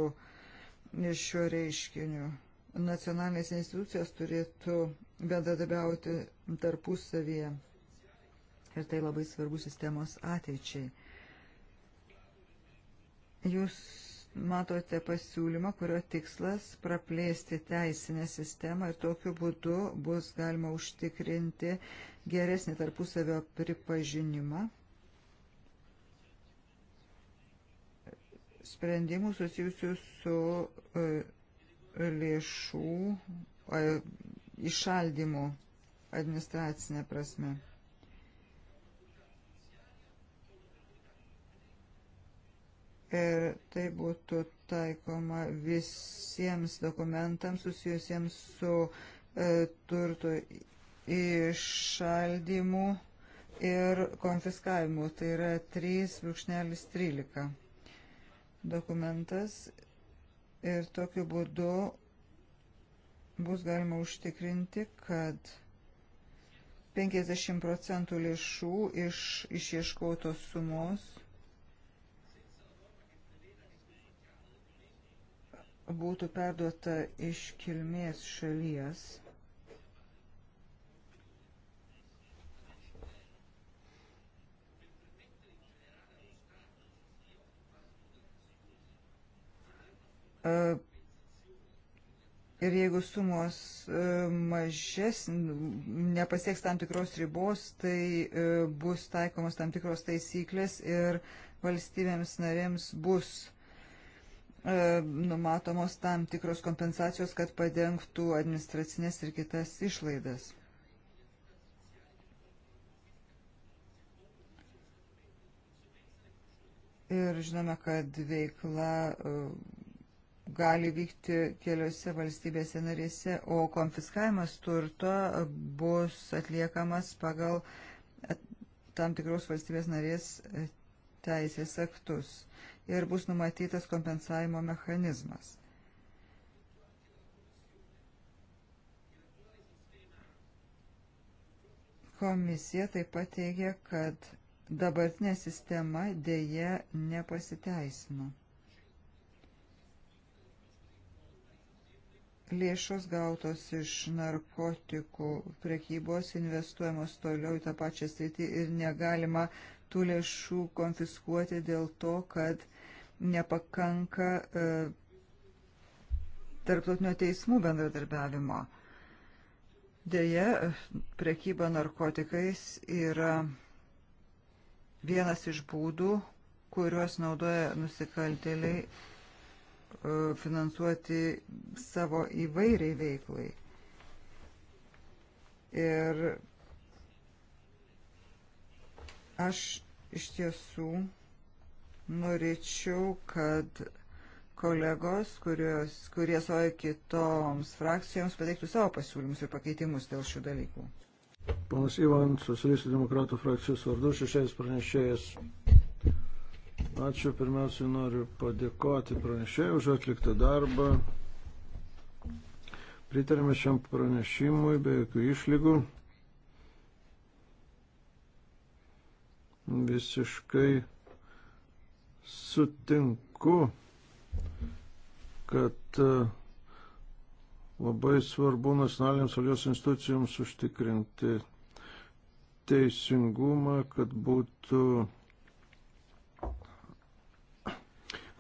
šiuo reiškiniu. Nacionalinės institucijos turėtų bendradarbiauti tarpusavyje. Ir tai labai svarbu sistemos ateičiai. Jūs matote pasiūlymą, kurio tikslas praplėsti teisinę sistemą ir tokiu būdu bus galima užtikrinti geresnį tarpusavio pripažinimą sprendimų susijusių su e, lėšų išaldymu e, administracinė prasme. ir tai būtų taikoma visiems dokumentams susijusiems su e, turto išaldymu ir konfiskavimu. Tai yra 3.13 dokumentas ir tokiu būdu bus galima užtikrinti, kad 50 procentų lėšų iš išieškotos sumos būtų perduota iš kilmės šalies. E, ir jeigu sumos e, mažes nepasieks tam tikros ribos, tai e, bus taikomos tam tikros taisyklės ir valstybėms narėms bus uh, E, numatomos tam tikros kompensacijos, kad padengtų administracinės ir kitas išlaidas. Ir žinome, kad veikla e, gali vykti keliose valstybėse narėse, o konfiskavimas turto bus atliekamas pagal tam tikros valstybės narės teisės aktus ir bus numatytas kompensavimo mechanizmas. Komisija taip pat teigia, kad dabartinė sistema dėje nepasiteisino. Lėšos gautos iš narkotikų prekybos investuojamos toliau į tą pačią sritį ir negalima tų lėšų konfiskuoti dėl to, kad nepakanka e, tarptautinio teismų bendradarbiavimo. Deja, prekyba narkotikais yra vienas iš būdų, kuriuos naudoja nusikaltėliai e, finansuoti savo įvairiai veiklai. Ir aš iš tiesų Norėčiau, kad kolegos, kurios, kurie savo kitoms frakcijoms pateiktų savo pasiūlymus ir pakeitimus dėl šių dalykų. Panas Ivan, socialistų demokratų frakcijos vardu, šešėjas pranešėjas. Ačiū, pirmiausiai noriu padėkoti pranešėjai už atliktą darbą. Pritarėme šiam pranešimui be jokių išlygų. Visiškai sutinku, kad e, labai svarbu nacionaliniams valios institucijoms užtikrinti teisingumą, kad būtų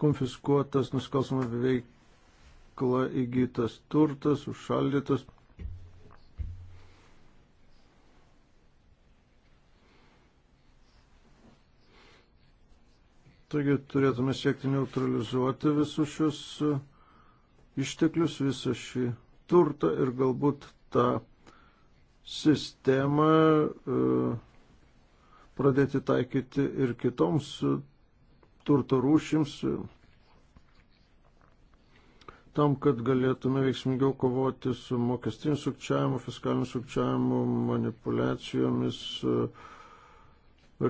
konfiskuotas nusikalstamą veiklą įgytas turtas, užšaldytas. Taigi turėtume siekti neutralizuoti visus šios e, išteklius, visą šį turtą ir galbūt tą sistemą e, pradėti taikyti ir kitoms e, turto rūšims, tam, kad galėtume veiksmingiau kovoti su mokestiniu sukčiavimu, fiskaliniu sukčiavimu, manipulacijomis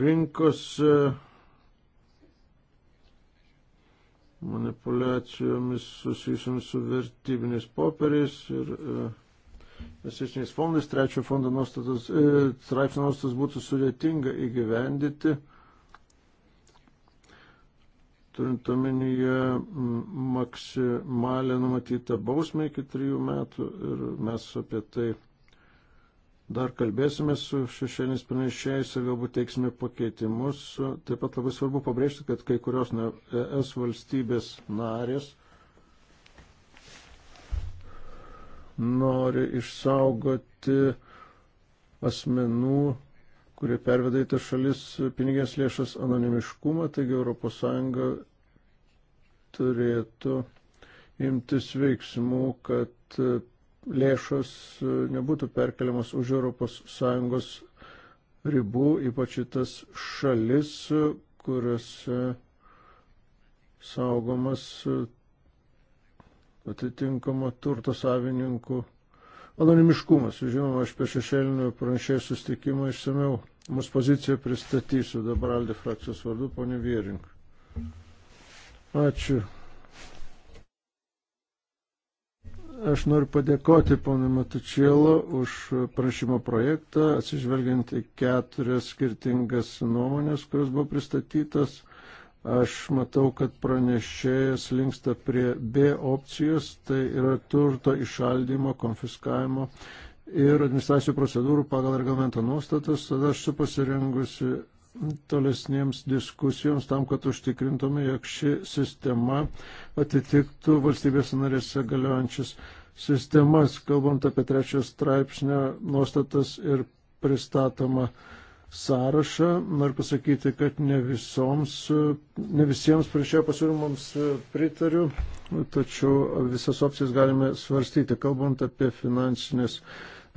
rinkose manipulacijomis susijusiamis su vertybiniais popieriais ir investiciniais e, fondais. Trečio fondo nuostatas, e, straipsnio nuostatas būtų sudėtinga įgyvendyti, turint omenyje maksimalę numatytą bausmę iki trijų metų ir mes apie tai Dar kalbėsime su šešėlinis pranešėjais ir galbūt teiksime pakeitimus. Taip pat labai svarbu pabrėžti, kad kai kurios ES valstybės narės nori išsaugoti asmenų, kurie perveda į tas šalis pinigės lėšas anonimiškumą, taigi ES turėtų imtis veiksmų, kad lėšos e, nebūtų perkeliamos už ES ribų, ypač į tas šalis, e, kuriuose saugomas e, atitinkamo turto savininkų anonimiškumas. Žinoma, aš per šešėlinių pranešėjų sustikimą išsameu mūsų poziciją pristatysiu dabar Aldė frakcijos vardu, ponė Vierink. Ačiū. Aš noriu padėkoti ponui Matučielu už prašymo projektą, atsižvelgiant į keturias skirtingas nuomonės, kurios buvo pristatytas. Aš matau, kad pranešėjas linksta prie B opcijos, tai yra turto išaldymo, konfiskavimo ir administracijų procedūrų pagal reglamento nuostatas. Tada aš su pasirengusi tolesniems diskusijoms tam, kad užtikrintume, jog ši sistema atitiktų valstybės narėse galiojančias sistemas, kalbant apie trečios straipsnio nuostatas ir pristatomą sąrašą. Noriu pasakyti, kad ne, visoms, ne visiems prie šio pasiūlymams pritariu, tačiau visas opcijas galime svarstyti, kalbant apie finansinės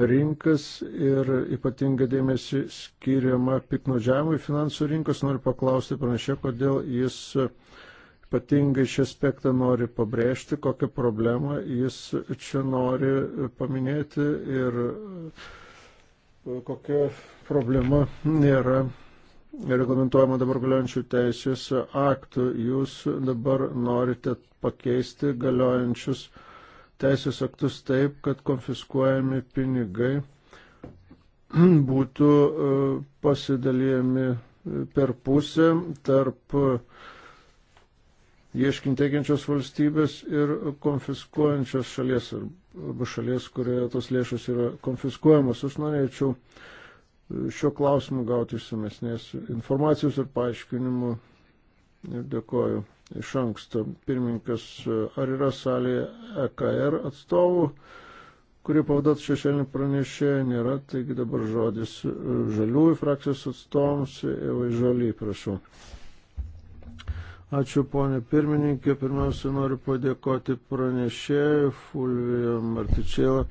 rinkas ir ypatinga dėmesį skiriama piknodžiavimui finansų rinkos. Noriu paklausti pranešė, kodėl jis ypatingai šį aspektą nori pabrėžti, kokią problemą jis čia nori paminėti ir e, kokia problema nėra reglamentuojama dabar galiojančių teisės aktų. Jūs dabar norite pakeisti galiojančius teisės aktus taip, kad konfiskuojami pinigai būtų e, pasidalijami e, per pusę tarp e, ieškintekiančios valstybės ir konfiskuojančios šalies arba šalies, kurioje tos lėšos yra konfiskuojamos. Aš norėčiau šio klausimu gauti išsamesnės informacijos ir paaiškinimų ir dėkoju iš anksto. Pirmininkas, ar yra salėje EKR atstovų, kurie pavadat šešėlinį pranešėją, nėra, taigi dabar žodis e, žaliųjų frakcijos atstovams, Evai Žaliai, prašau. Ačiū, ponė pirmininkė. Pirmiausia, noriu padėkoti pranešėjui Fulvijam Martičėlą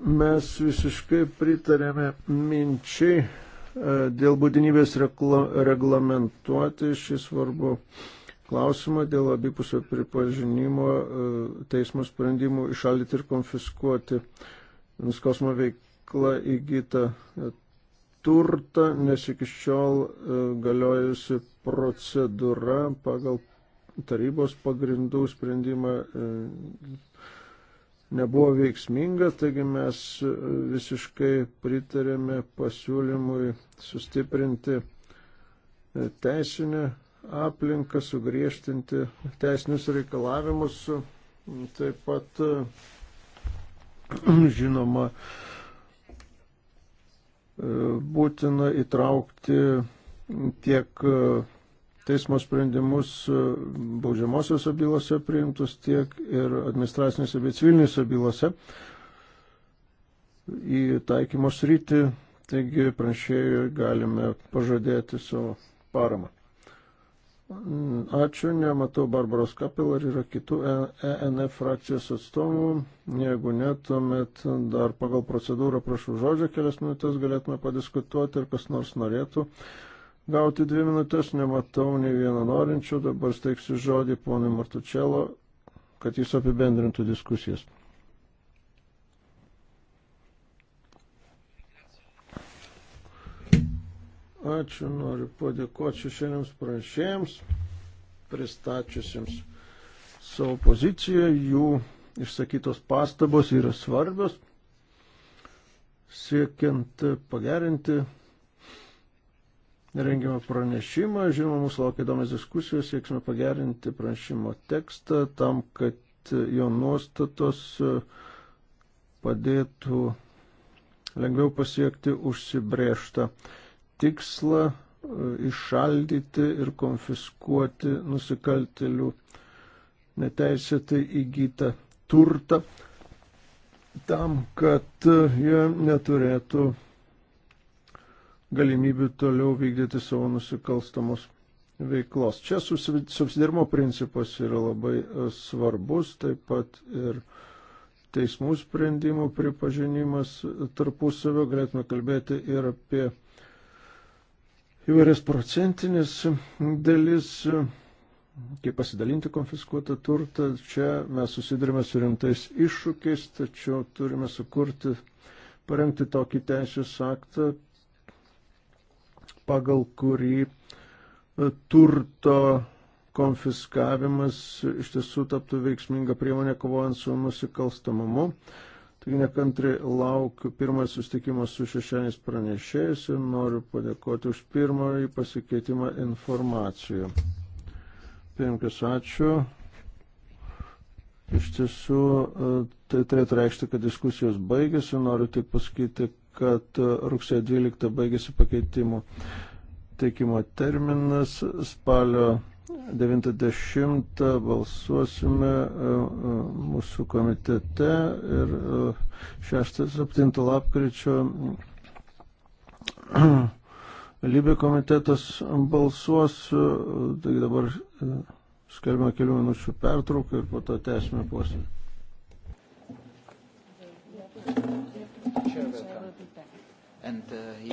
Mes visiškai pritarėme minčiai e, dėl būtinybės regla, reglamentuoti šį svarbų klausimą dėl abipusio pripažinimo e, teismo sprendimų išalyti ir konfiskuoti nuskausmo veiklą įgytą turtą, nes iki šiol e, galiojusi procedūra pagal tarybos pagrindų sprendimą nebuvo veiksminga, taigi mes visiškai pritarėme pasiūlymui sustiprinti e, teisinę aplinką, sugriežtinti teisinius reikalavimus, taip pat e, žinoma e, būtina įtraukti tiek teismo sprendimus e, baudžiamosiose bylose priimtus, tiek ir administracinėse bei civilinėse bylose į taikymo sritį, taigi pranešėjui galime pažadėti savo paramą. Ačiū, nematau Barbaros Kapil ar yra kitų ENF e frakcijos atstovų. Jeigu ne, tuomet dar pagal procedūrą prašau žodžio kelias minutės galėtume padiskutuoti ir kas nors norėtų gauti dvi minutės, nematau nei vieno norinčio, dabar steiksiu žodį ponui Martučelo, kad jis apibendrintų diskusijas. Ačiū, noriu padėkoti šešėliams pranešėjams, pristačiusiems savo poziciją, jų išsakytos pastabos yra svarbios, siekiant pagerinti rengiamą pranešimą. Žinoma, mūsų laukia įdomios diskusijos, sieksime pagerinti pranešimo tekstą tam, kad jo nuostatos e, padėtų lengviau pasiekti užsibrėžtą tikslą e, išaldyti ir konfiskuoti nusikaltelių neteisėtai įgytą turtą tam, kad e, jie neturėtų galimybių toliau vykdyti savo nusikalstamos veiklos. Čia subsidirmo principas yra labai e, svarbus, taip pat ir teismų sprendimų pripažinimas tarpusavio, galėtume kalbėti ir apie įvairias procentinės dalis, kaip pasidalinti konfiskuotą turtą. Čia mes susidurime su rimtais iššūkiais, tačiau turime sukurti, parengti tokį teisės aktą, pagal kurį e, turto konfiskavimas iš tiesų taptų veiksminga priemonė kovojant su nusikalstamumu. Taigi nekantri laukiu pirmojo sustikimo su šešėniais pranešėjais ir noriu padėkoti už pirmąjį pasikeitimą informacijų. Pirmkis, ačiū. Iš tiesų, e, tai turėtų reikšti, kad diskusijos baigėsi. Noriu tik pasakyti, kad rugsėjo 12 baigėsi pakeitimų teikimo terminas, spalio 90 balsuosime e, e, mūsų komitete ir 6-7 e, lapkričio Lybė komitetas balsuos, taigi dabar skelbime kelių minučių pertrauką ir po to tęsime posėdį. Čia vieta and uh, he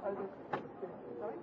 Sorry?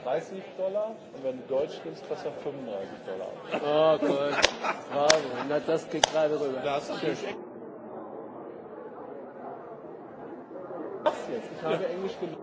30 Dollar und wenn du Deutsch nimmst, kostet er 35 Dollar. Oh Gott, bravo. Na, das geht gerade rüber. Das ist ja schön. Was jetzt? Ich habe Englisch gelernt.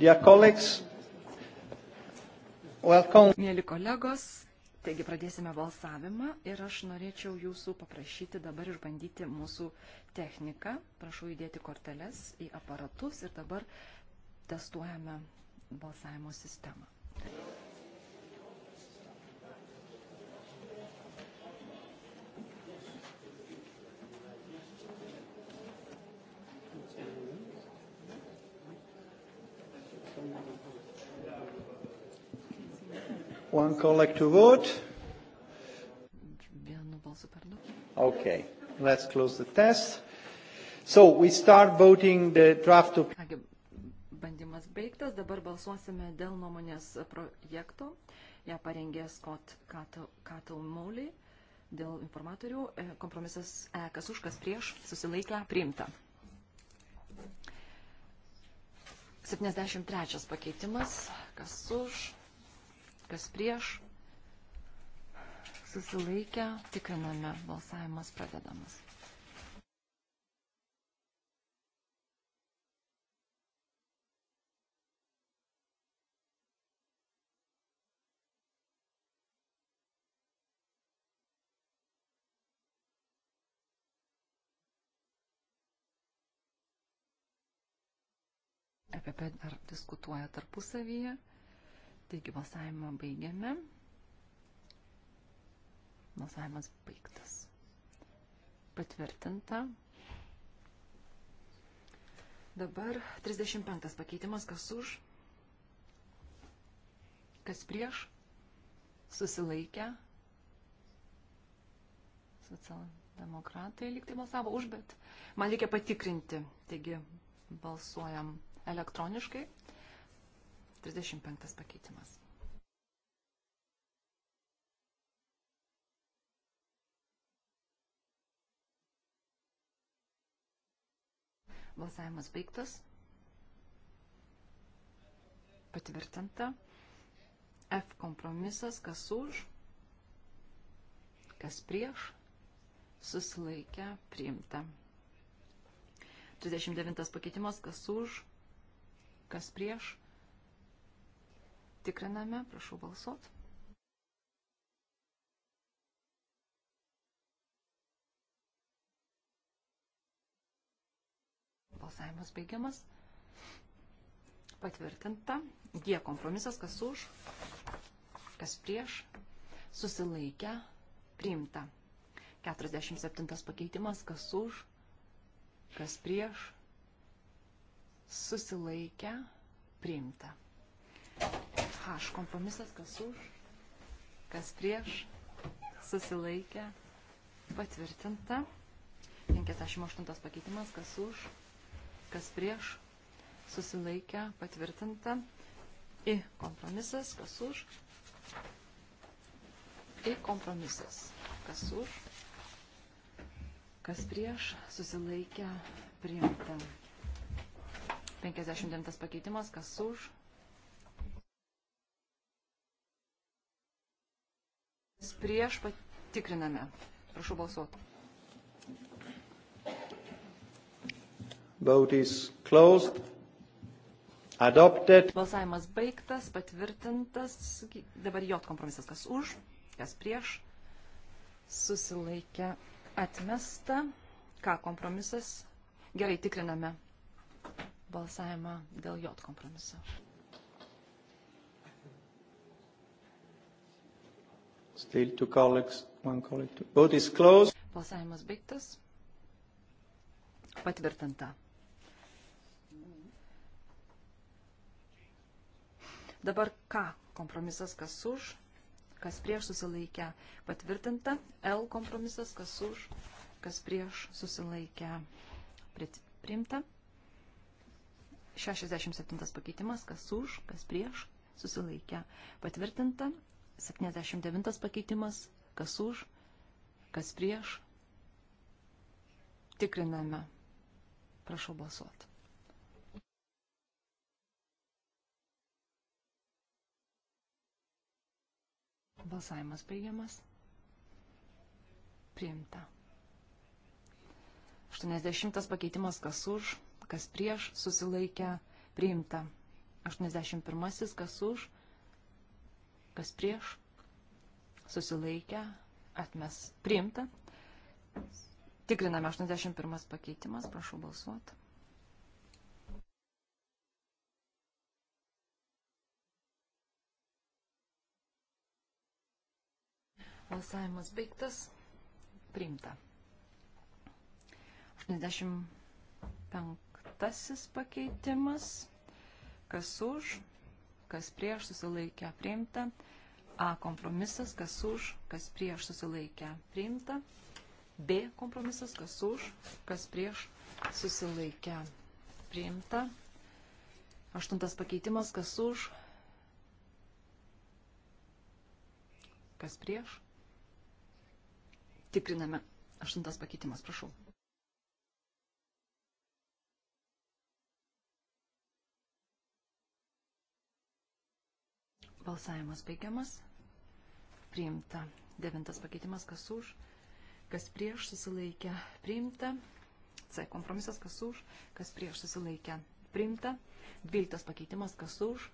Mėly kolegos, taigi pradėsime balsavimą ir aš norėčiau jūsų paprašyti dabar išbandyti mūsų techniką. Prašau įdėti korteles į aparatus ir dabar testuojame balsavimo sistemą. One collect to vote. Vienu balsu per daug. Okay, let's close the test. So we start voting the draft of. Kągi, bandymas baigtas, dabar balsuosime dėl nuomonės projekto. Ja parengė Scott Cattle Mowley dėl informatorių. E, kompromisas E, kas už, kas prieš, susilaikę, priimta. 73 pakeitimas, kas už, kas prieš, susilaikę, tikriname, balsavimas pradedamas. EPP dar diskutuoja tarpusavyje. Taigi balsavimą baigiame. Balsavimas baigtas. Patvirtinta. Dabar 35 pakeitimas, kas už, kas prieš, susilaikę. Socialdemokratai lyg tai balsavo už, bet man reikia patikrinti. Taigi balsuojam elektroniškai. 35 pakeitimas. Balsavimas baigtas. Patvirtinta. F kompromisas, kas už, kas prieš, susilaikę, priimta. 39 pakeitimas, kas už, kas prieš. Tikriname, prašau balsuot. Balsavimas baigiamas. Patvirtinta. G kompromisas, kas už, kas prieš, susilaikę, priimta. 47 pakeitimas, kas už, kas prieš, susilaikę, priimta. H kompromisas, kas už, kas prieš, susilaikę, patvirtinta. 58 pakeitimas, kas už, kas prieš, susilaikę, patvirtinta. I kompromisas, kas už. I kompromisas, kas už, kas prieš, susilaikę, priimta. 59 pakeitimas, kas už. Prieš patikriname. Prašau balsuoti. Vote is closed. Adopted. Balsavimas baigtas, patvirtintas. Dabar J kompromisas, kas už, kas prieš. Susilaikė atmesta. Ką kompromisas? Gerai, tikriname balsavimą dėl J kompromiso. Still two colleagues, one colleague. To... Vote is closed. Balsavimas baigtas. Patvirtinta. Dabar K kompromisas, kas už, kas prieš susilaikę patvirtinta, L kompromisas, kas už, kas prieš susilaikę priimta. 67 pakeitimas, kas už, kas prieš, susilaikė. Patvirtinta. 79 pakeitimas, kas už, kas prieš. Tikriname. Prašau balsuoti. Balsavimas baigiamas. Priimta. 80 pakeitimas, kas už, kas prieš, susilaikę, priimta. 81. kas už, kas prieš, susilaikę, atmes, priimta. Tikriname 81 pakeitimas, prašau balsuoti. Balsavimas baigtas, priimta. 85 Ketvirtasis pakeitimas. Kas už, kas prieš susilaikę priimta. A kompromisas, kas už, kas prieš susilaikę priimta. B kompromisas, kas už, kas prieš susilaikę priimta. Aštuntas pakeitimas, kas už, kas prieš. Tikriname. Aštuntas pakeitimas, prašau. Balsavimas baigiamas. Priimta. Devintas pakeitimas, kas už, kas prieš susilaikė. Priimta. C. Kompromisas, kas už, kas prieš susilaikė. Priimta. Dvyliktas pakeitimas, kas už,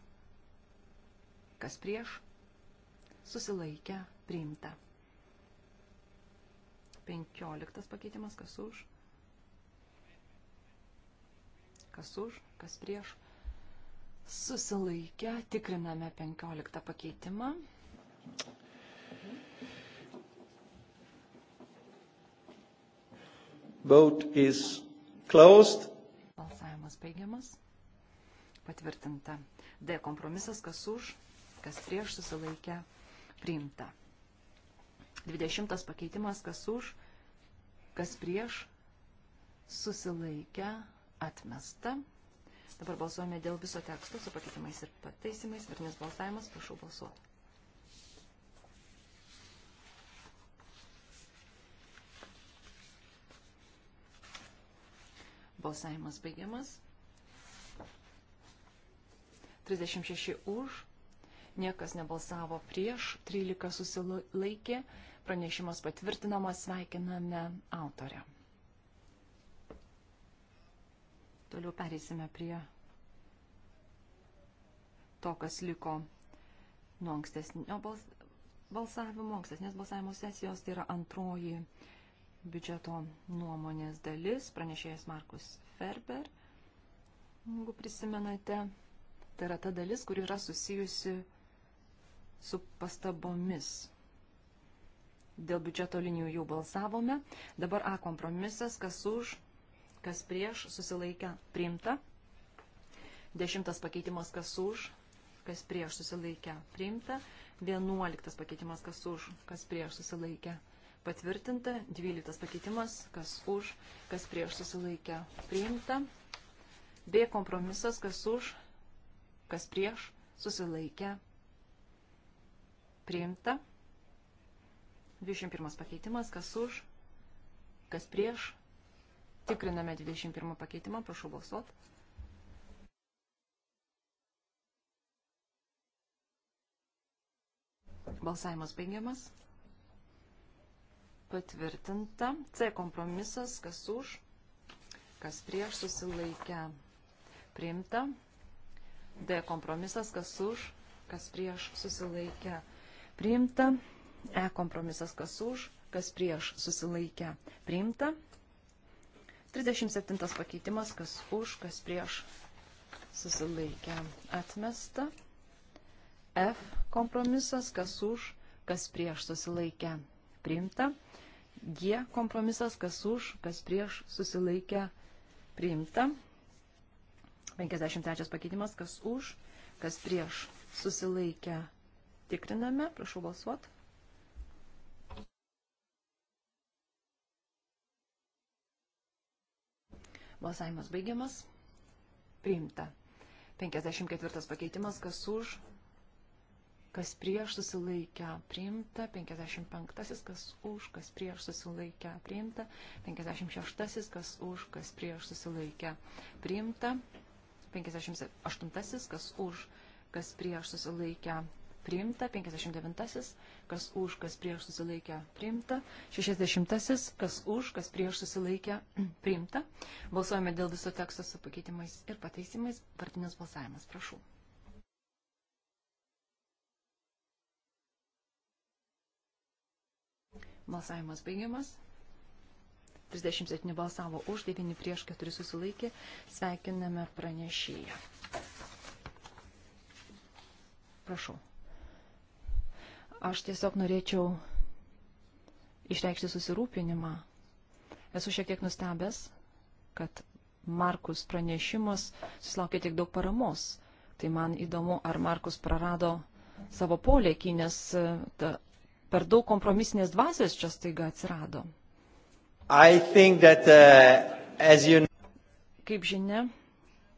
kas prieš susilaikė. Priimta. Penkioliktas pakeitimas, kas už, kas už, kas prieš Susilaikę tikriname 15 pakeitimą. Vote is closed. Balsavimas baigiamas. Patvirtinta. D kompromisas, kas už, kas prieš susilaikę, priimta. 20 pakeitimas, kas už, kas prieš susilaikę, atmesta. Dabar balsuojame dėl viso teksto su pakeitimais ir pataisimais. Vardinis balsavimas, prašau balsuoti. Balsavimas baigiamas. 36 už, niekas nebalsavo prieš, 13 susilaikė, pranešimas patvirtinamas, sveikiname autorę. Toliau pereisime prie to, kas liko nuo ankstesnio balsavimo, ankstesnės balsavimo sesijos, tai yra antroji biudžeto nuomonės dalis, pranešėjas Markus Ferber, jeigu prisimenate, tai yra ta dalis, kuri yra susijusi su pastabomis. Dėl biudžeto linijų jau balsavome, dabar A kompromisas, kas už, kas prieš, susilaikę, priimta. Dešimtas pakeitimas, kas už, kas prieš, susilaikę, priimta. Vienuoliktas pakeitimas, kas už, kas prieš, susilaikę, patvirtinta. Dvyliktas pakeitimas, kas už, kas prieš, susilaikę, priimta. B kompromisas, kas už, kas prieš, susilaikę, priimta. 21 pakeitimas, kas už, kas prieš, Tikriname 21 pakeitimą, prašau balsuot. Balsavimas baigiamas. Patvirtinta. C kompromisas, kas už, kas prieš susilaikę priimta. D kompromisas, kas už, kas prieš susilaikę priimta. E kompromisas, kas už, kas prieš susilaikę priimta. 37 pakeitimas, kas už, kas prieš susilaikę atmesta. F kompromisas, kas už, kas prieš susilaikę priimta. G kompromisas, kas už, kas prieš susilaikę priimta. 53 pakeitimas, kas už, kas prieš susilaikę tikriname. Prašau balsuoti. Balsavimas baigiamas. Priimta. 54 pakeitimas, kas už, kas prieš susilaikę priimta, 55 kas už, kas prieš susilaikę priimta, 56 kas už, kas prieš susilaikę priimta, 58 kas už, kas prieš susilaikę priimta, 59-asis, kas už, kas prieš susilaikė, priimta, 60-asis, kas už, kas prieš susilaikė, priimta. Balsuojame dėl viso teksto su pakeitimais ir pataisimais, partinis balsavimas, prašau. Balsavimas baigiamas. 37 balsavo už, 9 prieš 4 susilaikė. Sveikiname pranešėją. Prašau. Aš tiesiog norėčiau išreikšti susirūpinimą. Esu šiek tiek nustebęs, kad Markus pranešimas susilaukė tiek daug paramos. Tai man įdomu, ar Markus prarado savo polėkį, nes e, ta, per daug kompromisinės dvasės čia staiga atsirado. That, uh, you... Kaip žinia,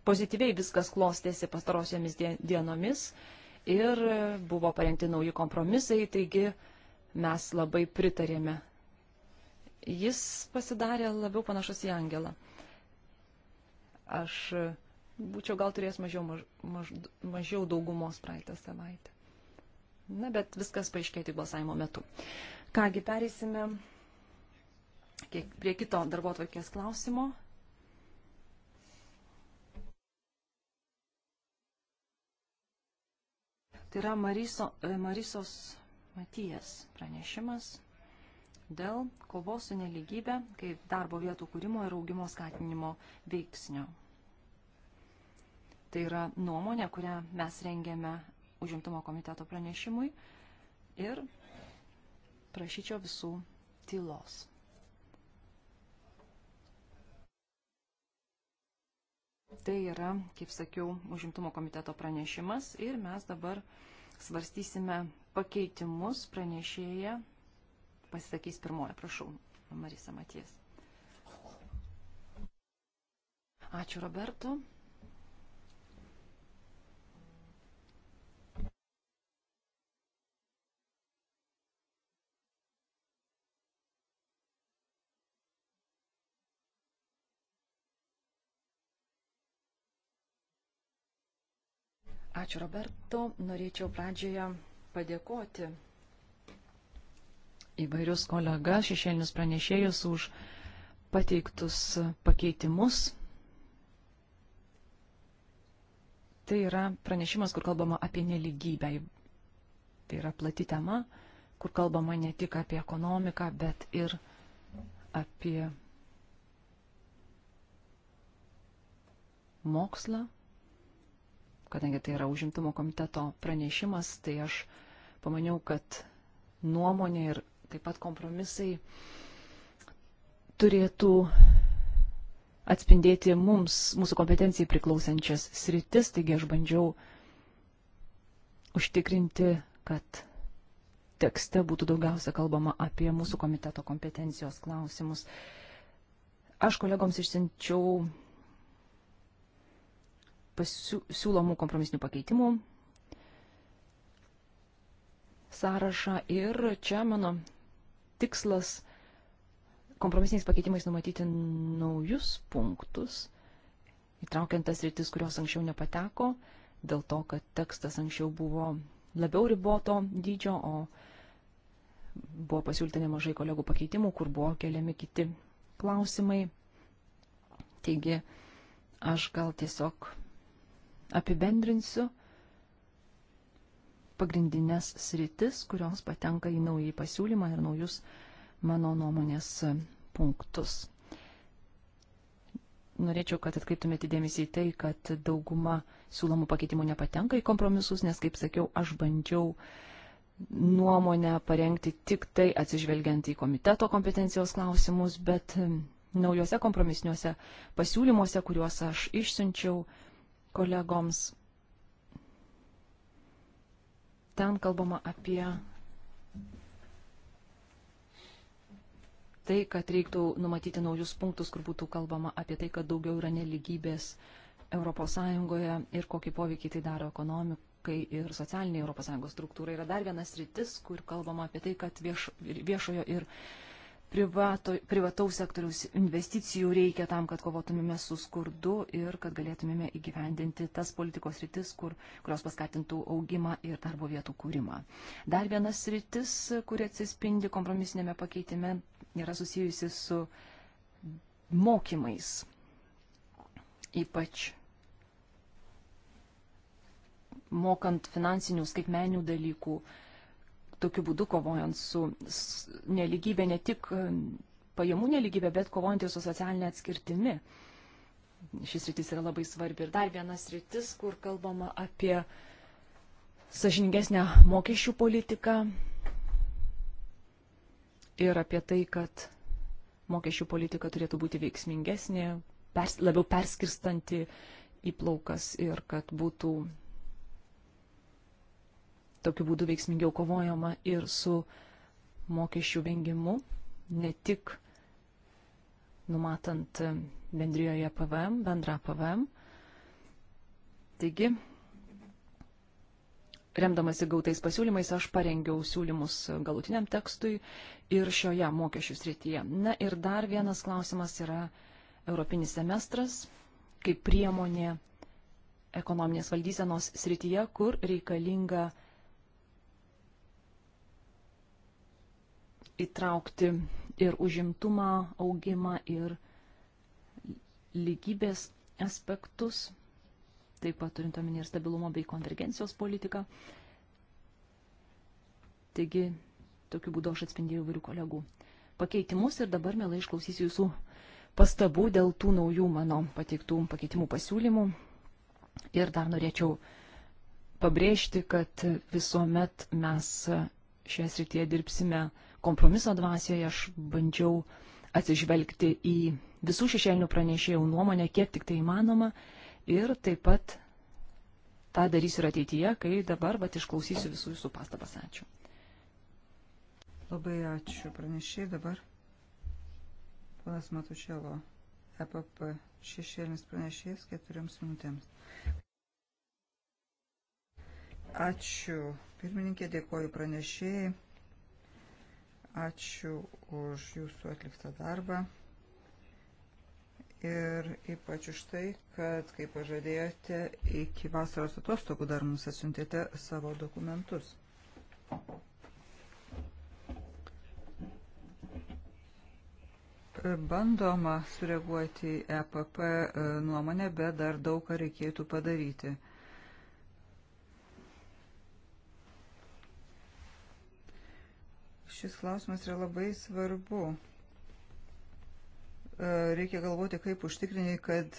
pozityviai viskas klostėsi pastarosiomis dienomis. Uh, ir buvo parengti nauji kompromisai, taigi mes labai pritarėme. Jis pasidarė labiau panašus į Angelą. Aš būčiau gal turėjęs mažiau, maž, maž, mažiau daugumos praeitą savaitę. Na, bet viskas paaiškėjo tik balsavimo metu. Kągi, perėsime prie kito darbo atvarkės klausimo. Tai yra Mariso, e, Marisos Matijas pranešimas dėl kovos su neligybė kaip darbo vietų kūrimo ir augimo skatinimo veiksnio. Tai yra nuomonė, kurią mes rengėme užimtumo komiteto pranešimui ir prašyčiau visų tylos. Tai yra, kaip sakiau, užimtumo komiteto pranešimas ir mes dabar svarstysime pakeitimus pranešėje. Pasisakys pirmoje, prašau, Marisa Maties. Ačiū, Roberto. Ačiū, Roberto. Norėčiau pradžioje padėkoti įvairius kolegas, šešėlinius pranešėjus už pateiktus pakeitimus. Tai yra pranešimas, kur kalbama apie neligybę. Tai yra plati tema, kur kalbama ne tik apie ekonomiką, bet ir apie mokslą, kadangi tai yra užimtumo komiteto pranešimas, tai aš pamaniau, kad nuomonė ir taip pat kompromisai turėtų atspindėti mums, mūsų kompetencijai priklausančias sritis, taigi aš bandžiau užtikrinti, kad tekste būtų daugiausia kalbama apie mūsų komiteto kompetencijos klausimus. Aš kolegoms išsiunčiau pasiūlomų kompromisinių pakeitimų sąrašą ir čia mano tikslas kompromisiniais pakeitimais numatyti naujus punktus, įtraukiant tas rytis, kurios anksčiau nepateko, dėl to, kad tekstas anksčiau buvo labiau riboto dydžio, o buvo pasiūlyti nemažai kolegų pakeitimų, kur buvo keliami kiti klausimai. Taigi, aš gal tiesiog apibendrinsiu pagrindinės sritis, kurios patenka į naują pasiūlymą ir naujus mano nuomonės punktus. Norėčiau, kad atkreiptumėte dėmesį į tai, kad dauguma siūlomų pakeitimų nepatenka į kompromisus, nes, kaip sakiau, aš bandžiau nuomonę parengti tik tai atsižvelgiant į komiteto kompetencijos klausimus, bet naujuose kompromisiniuose pasiūlymuose, kuriuos aš išsiunčiau, kolegoms. Ten kalbama apie tai, kad reiktų numatyti naujus punktus, kur būtų kalbama apie tai, kad daugiau yra neligybės ES ir kokį poveikį tai daro ekonomikai ir socialiniai ES struktūrai. Yra dar vienas rytis, kur kalbama apie tai, kad vieš, viešojo ir privato, privataus sektoriaus investicijų reikia tam, kad kovotumėme su skurdu ir kad galėtumėme įgyvendinti tas politikos rytis, kur, kurios paskatintų augimą ir darbo vietų kūrimą. Dar vienas rytis, kuri atsispindi kompromisinėme pakeitime, yra susijusi su mokymais. Ypač mokant finansinių skaitmenių dalykų, uh, tokiu būdu kovojant su neligybė, ne tik pajamų neligybė, bet kovojant ir su socialinė atskirtimi. Šis rytis yra labai svarbi. Ir dar vienas rytis, kur kalbama apie sažiningesnę mokesčių politiką ir apie tai, kad mokesčių politika turėtų būti veiksmingesnė, pers, labiau perskirstanti įplaukas ir kad būtų Tokiu būdu veiksmingiau kovojama ir su mokesčių vengimu, ne tik numatant bendrijoje PVM, bendrą PVM. Taigi, remdamasi gautais pasiūlymais, aš parengiau siūlymus galutiniam tekstui ir šioje mokesčių srityje. Na ir dar vienas klausimas yra Europinis semestras kaip priemonė ekonominės valdysenos srityje, kur reikalinga įtraukti ir užimtumą, augimą, ir lygybės aspektus, taip pat turint omenyje ir stabilumo bei konvergencijos politiką. Taigi, tokiu būdu aš atspindėjau vairių kolegų pakeitimus ir dabar mielai išklausysiu jūsų pastabų dėl tų naujų mano pateiktų pakeitimų pasiūlymų. Ir dar norėčiau pabrėžti, kad visuomet mes šioje srityje dirbsime uh, kompromiso dvasioje aš bandžiau atsižvelgti į visų šešėlinių pranešėjų nuomonę, kiek tik tai įmanoma. Ir taip pat tą darysiu ir ateityje, kai dabar vat, išklausysiu visų jūsų pastabas. Ačiū. Labai ačiū pranešėjai dabar. Panas Matučelo, EPP šešėlinis pranešėjas keturioms minutėms. Ačiū pirmininkė, dėkoju pranešėjai. Ačiū už jūsų atliktą darbą ir ypač už tai, kad, kaip pažadėjote, iki vasaros atostogų dar mums atsiuntėte savo dokumentus. Bandoma sureaguoti į EPP e, nuomonę, bet dar daug ką reikėtų padaryti. šis klausimas yra labai svarbu. E, reikia galvoti, kaip užtikrinti, kad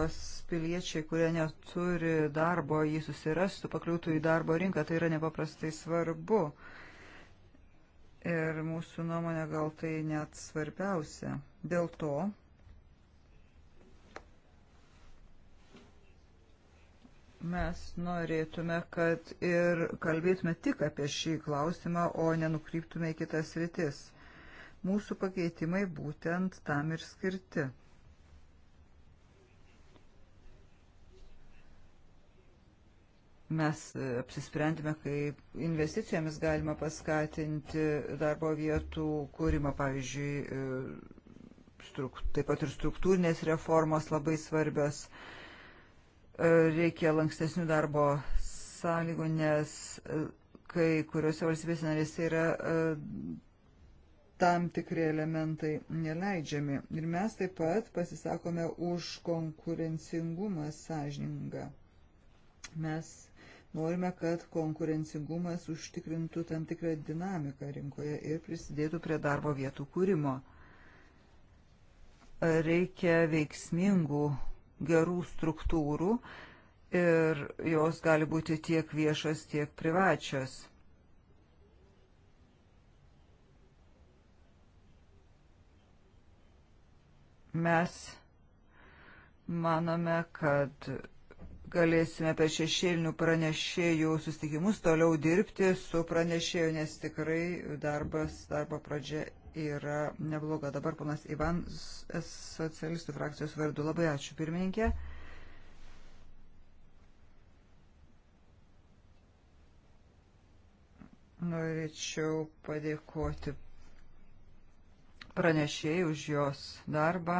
ES piliečiai, kurie neturi darbo, jį susirastų, pakliūtų į darbo rinką. Tai yra nepaprastai svarbu. Ir mūsų nuomonė gal tai net svarbiausia. Dėl to Mes norėtume, kad ir kalbėtume tik apie šį klausimą, o nenukryptume į kitas rytis. Mūsų pakeitimai būtent tam ir skirti. mes apsisprendėme, kaip investicijomis galima paskatinti darbo vietų kūrimą, pavyzdžiui, e, struk, taip pat ir struktūrinės reformos labai svarbios reikia lankstesnių darbo sąlygų, nes e, kai kuriuose valstybės narėse yra e, tam tikri elementai neleidžiami. Ir mes taip pat pasisakome už konkurencingumą sąžiningą. Mes norime, kad konkurencingumas užtikrintų tam tikrą dinamiką rinkoje ir prisidėtų prie darbo vietų kūrimo. Reikia veiksmingų gerų struktūrų ir jos gali būti tiek viešos, tiek privačios. Mes manome, kad galėsime per šešėlinių pranešėjų susitikimus toliau dirbti su pranešėju, nes tikrai darbas, darbo pradžia yra nebloga. Dabar panas Ivan, socialistų frakcijos vardu. Labai ačiū, pirmininkė. Norėčiau padėkoti pranešėjai už jos darbą.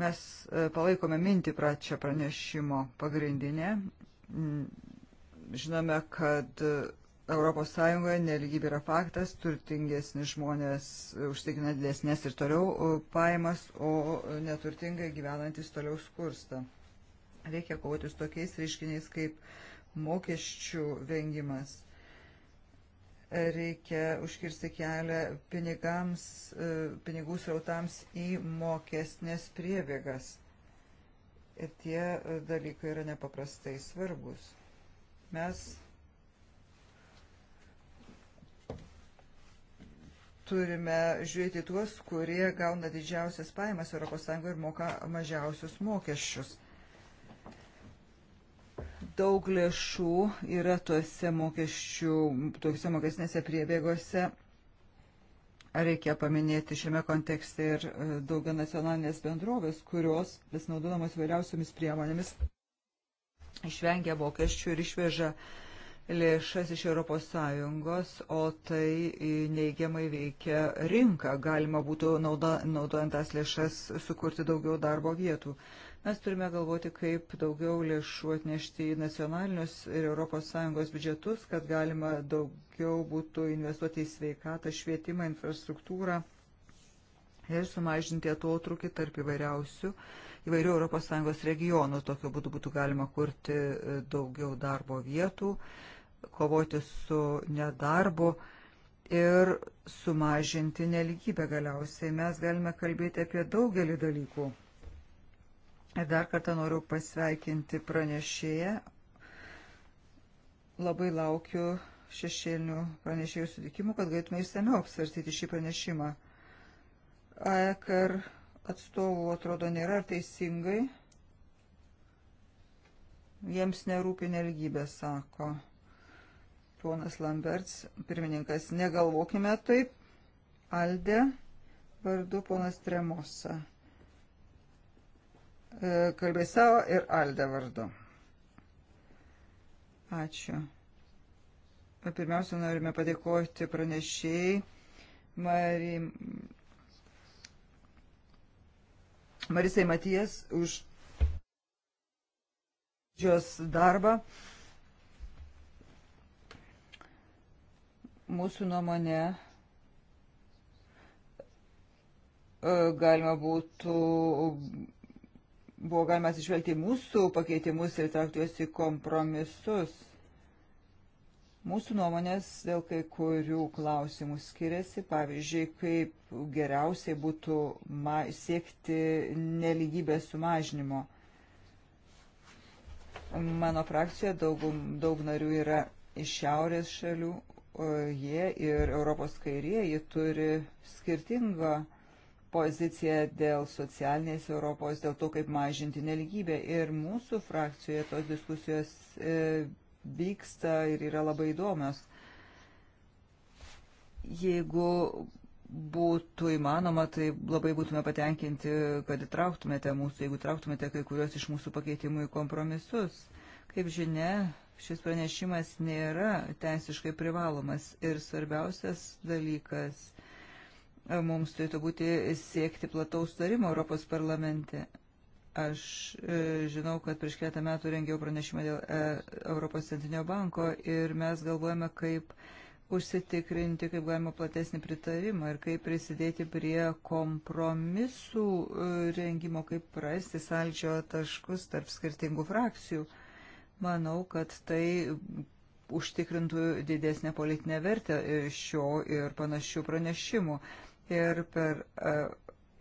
Mes e, palaikome mintį pračią pranešimo pagrindinę. Žinome, kad Europos Sąjungoje neligybė yra faktas, turtingesni žmonės užtikrina didesnės ir toliau pajamas, o neturtingai gyvenantis toliau skursta. Reikia kovoti su tokiais reiškiniais kaip mokesčių vengimas. Reikia užkirsti kelią pinigams, e, pinigų srautams į mokesnės priebėgas. Ir tie dalykai yra nepaprastai svarbus. Mes turime žiūrėti tuos, kurie gauna didžiausias pajamas ES ir moka mažiausius mokesčius. Daug lėšų yra tuose mokesčių, tuose mokesnėse priebėgose. Reikia paminėti šiame kontekste ir e, daugia nacionalinės bendrovės, kurios, vis naudodamos vairiausiomis priemonėmis, išvengia mokesčių ir išveža uh, lėšas iš ES, o tai neigiamai veikia rinką. Galima būtų nauda, naudojant tas lėšas sukurti daugiau darbo vietų. Mes turime galvoti, kaip daugiau lėšų atnešti į nacionalinius ir ES biudžetus, kad galima daugiau būtų investuoti į sveikatą, švietimą, infrastruktūrą ir sumažinti atotrukį tarp įvairiausių įvairių ES regionų. Tokiu būdu būtų galima kurti e, daugiau darbo vietų kovoti su nedarbu ir sumažinti neligybę galiausiai. Mes galime kalbėti apie daugelį dalykų. Ir dar kartą noriu pasveikinti pranešėją. Labai laukiu šešėlinių pranešėjų sutikimų, kad galėtume įsamiau apsvarstyti šį pranešimą. AEKR atstovų atrodo nėra ar teisingai. Jiems nerūpi nelgybė, sako. Ponas Lamberts, pirmininkas, negalvokime taip. Alde, vardu ponas Tremosa. E, kalbės savo ir Alde vardu. Ačiū. Pirmiausia, norime padėkoti pranešėjai Marim... Marisai Matijas už jos darbą. Mūsų nuomonė e, galima būtų, buvo galima atsižvelgti mūsų pakeitimus ir traktuosi kompromisus. Mūsų nuomonės dėl kai kurių klausimų skiriasi, pavyzdžiui, kaip geriausiai būtų siekti neligybės sumažinimo. Mano frakcijoje daug, daug narių yra iš šiaurės šalių, jie ir Europos kairieji turi skirtingą poziciją dėl socialinės Europos, dėl to, kaip mažinti neligybę. Ir mūsų frakcijoje tos diskusijos e, vyksta ir yra labai įdomios. Jeigu būtų įmanoma, tai labai būtume patenkinti, kad įtrauktumėte mūsų, jeigu įtrauktumėte kai kurios iš mūsų pakeitimų į kompromisus. Kaip žinia, šis pranešimas nėra teisiškai privalomas ir svarbiausias dalykas e, mums turėtų būti siekti plataus tarimo Europos parlamente. Aš e, žinau, kad prieš keletą metų rengiau pranešimą dėl e, Europos centrinio banko ir mes galvojame, kaip užsitikrinti, kaip galima platesnį pritarimą ir kaip prisidėti prie kompromisų rengimo, kaip prasti salčio taškus tarp skirtingų frakcijų. Manau, kad tai užtikrintų didesnę politinę vertę šio ir panašių pranešimų. Ir per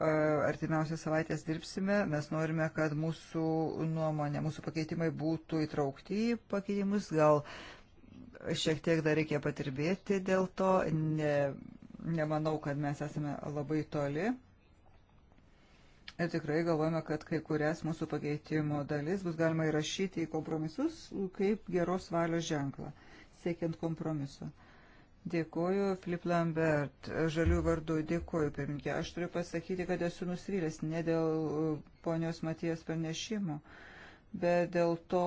artimiausias savaitės dirbsime. Mes norime, kad mūsų nuomonė, mūsų pakeitimai būtų įtraukti į pakeitimus. Gal šiek tiek dar reikia patirbėti dėl to. Ne, nemanau, kad mes esame labai toli Ir tikrai galvojame, kad kai kurias mūsų pakeitimo dalis bus galima įrašyti į kompromisus kaip geros valios ženklą, siekiant kompromiso. Dėkoju, Filip Lambert, žalių vardu, dėkoju, pirmininkė. Aš turiu pasakyti, kad esu nusivylęs ne dėl uh, ponios Matijos pranešimo, bet dėl to,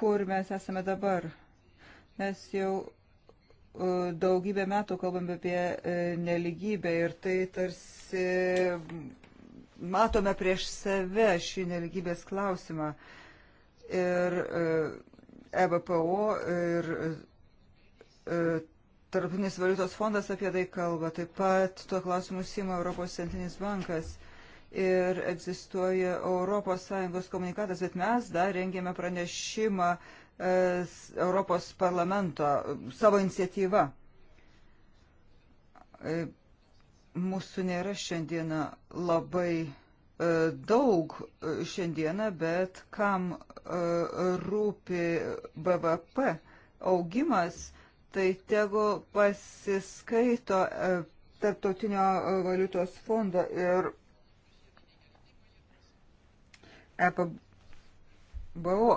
kur mes esame dabar. Mes jau uh, daugybę metų kalbam apie uh, neligybę ir tai tarsi matome prieš save šį neligybės klausimą. Ir EBPO e ir e, Tarptautinis valiutos fondas apie tai kalba. Taip pat tuo klausimu sima Europos centrinis bankas. Ir egzistuoja ES komunikatas, bet mes dar rengėme pranešimą e, Europos parlamento savo iniciatyvą Mūsų nėra šiandieną labai e, daug e, šiandieną, bet kam e, rūpi BVP augimas, tai tegu pasiskaito Tarptautinio valiutos fondo ir EPBO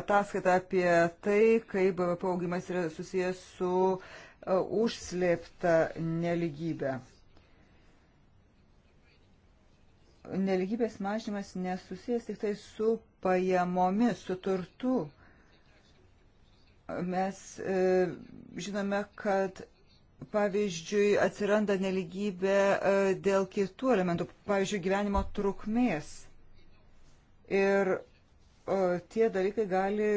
ataskaita apie tai, kaip BVP augimas yra susijęs su užslėpta neligybė. neligybės mažinimas nesusijęs tik tai su pajamomis, su turtu. Mes e, žinome, kad pavyzdžiui atsiranda neligybė e, dėl kitų elementų, pavyzdžiui, gyvenimo trukmės. Ir e, tie dalykai gali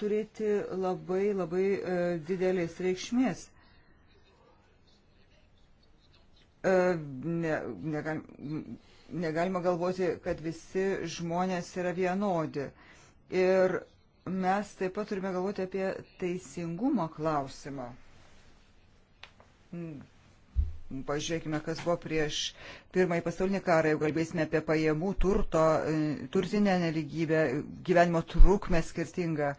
turėti labai labai e, didelės reikšmės. E, ne, negalim, negalima galvoti, kad visi žmonės yra vienodi. Ir mes taip pat turime galvoti apie teisingumo klausimą. Hmm. Pažiūrėkime, kas buvo prieš pirmąjį pasaulinį karą, jau kalbėsime apie pajamų turto, e, turtinę neligybę, gyvenimo trukmę skirtingą.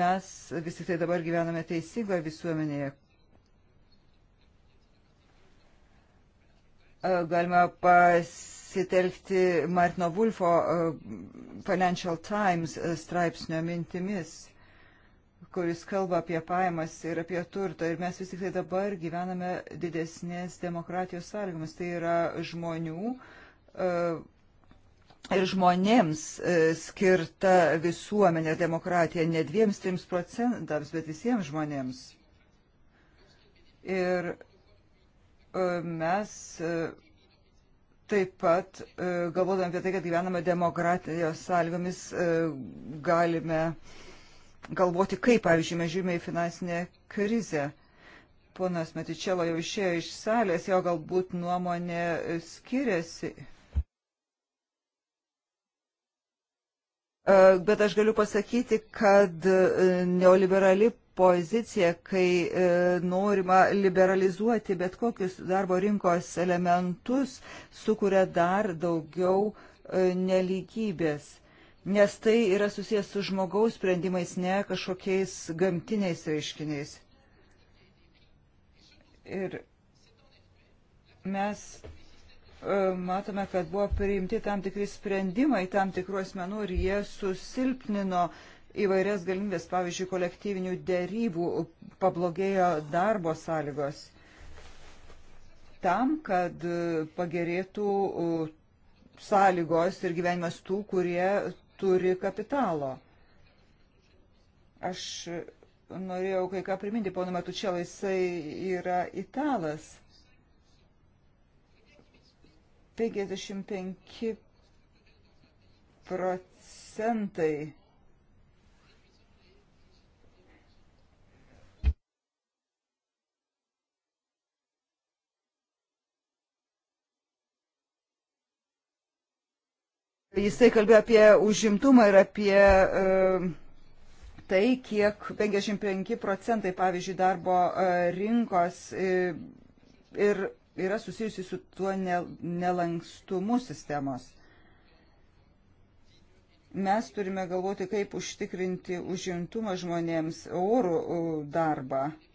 Mes vis tik tai dabar gyvename teisingoje visuomenėje, E, galima pasitelkti Martino Vulfo e, Financial Times e, straipsnio mintimis, kuris kalba apie pajamas ir apie turtą. Ir mes vis tik tai dabar gyvename didesnės demokratijos sąlygomis. Tai yra žmonių ir žmonėms skirta visuomenė demokratija ne dviems, trims procentams, bet visiems žmonėms. Ir E, mes e, taip pat, e, galvodami apie tai, kad gyvename demokratijos sąlygomis, galime galvoti, kaip, pavyzdžiui, mes žiūrime į finansinę krizę. Ponas Metičelo jau išėjo iš salės, jo galbūt nuomonė skiriasi. Bet aš galiu pasakyti, kad neoliberali poziciją, kai e, norima liberalizuoti bet kokius darbo rinkos elementus, sukuria dar daugiau e, neligybės. Nes tai yra susijęs su žmogaus sprendimais, ne kažkokiais gamtiniais reiškiniais. Ir mes e, matome, kad buvo priimti tam tikri sprendimai tam tikrų asmenų ir jie susilpnino uh, įvairias galimybės, pavyzdžiui, kolektyvinių dėrybų, pablogėjo darbo sąlygos tam, kad e, pagerėtų e, sąlygos ir gyvenimas tų, kurie turi kapitalo. Aš norėjau kai ką priminti, pono Matučelai, jisai yra italas. 55 procentai Jisai kalbėjo apie užimtumą ir apie uh, tai, kiek 55 procentai, pavyzdžiui, darbo uh, rinkos uh, ir yra susijusi su tuo nelankstumu sistemos. Mes turime galvoti, kaip užtikrinti užimtumą žmonėms orų darbą. Uh,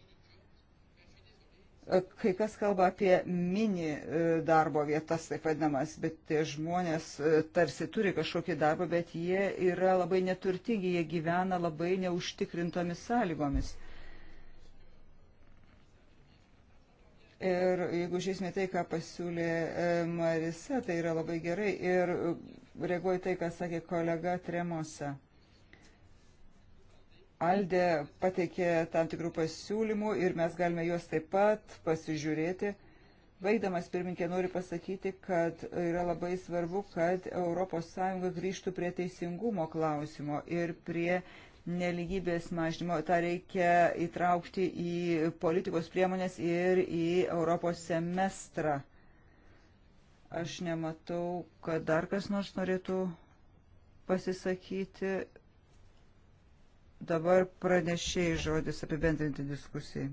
Kai kas kalba apie mini e, darbo vietas, taip vadinamas, bet tie žmonės e, tarsi turi kažkokį darbą, bet jie yra labai neturtingi, jie gyvena labai neužtikrintomis sąlygomis. Ir jeigu žiūrėsime tai, ką pasiūlė e, Marisa, tai yra labai gerai. Ir reaguoju tai, ką sakė kolega Tremose. Aldė pateikė tam tikrų pasiūlymų ir mes galime juos taip pat pasižiūrėti. Baigdamas pirminkė noriu pasakyti, kad yra labai svarbu, kad ES grįžtų prie teisingumo klausimo ir prie neligybės mažnymo. Ta reikia įtraukti į politikos priemonės ir į Europos semestrą. Aš nematau, kad dar kas nors norėtų pasisakyti Dabar pranešėjai žodis apibendrinti diskusijai.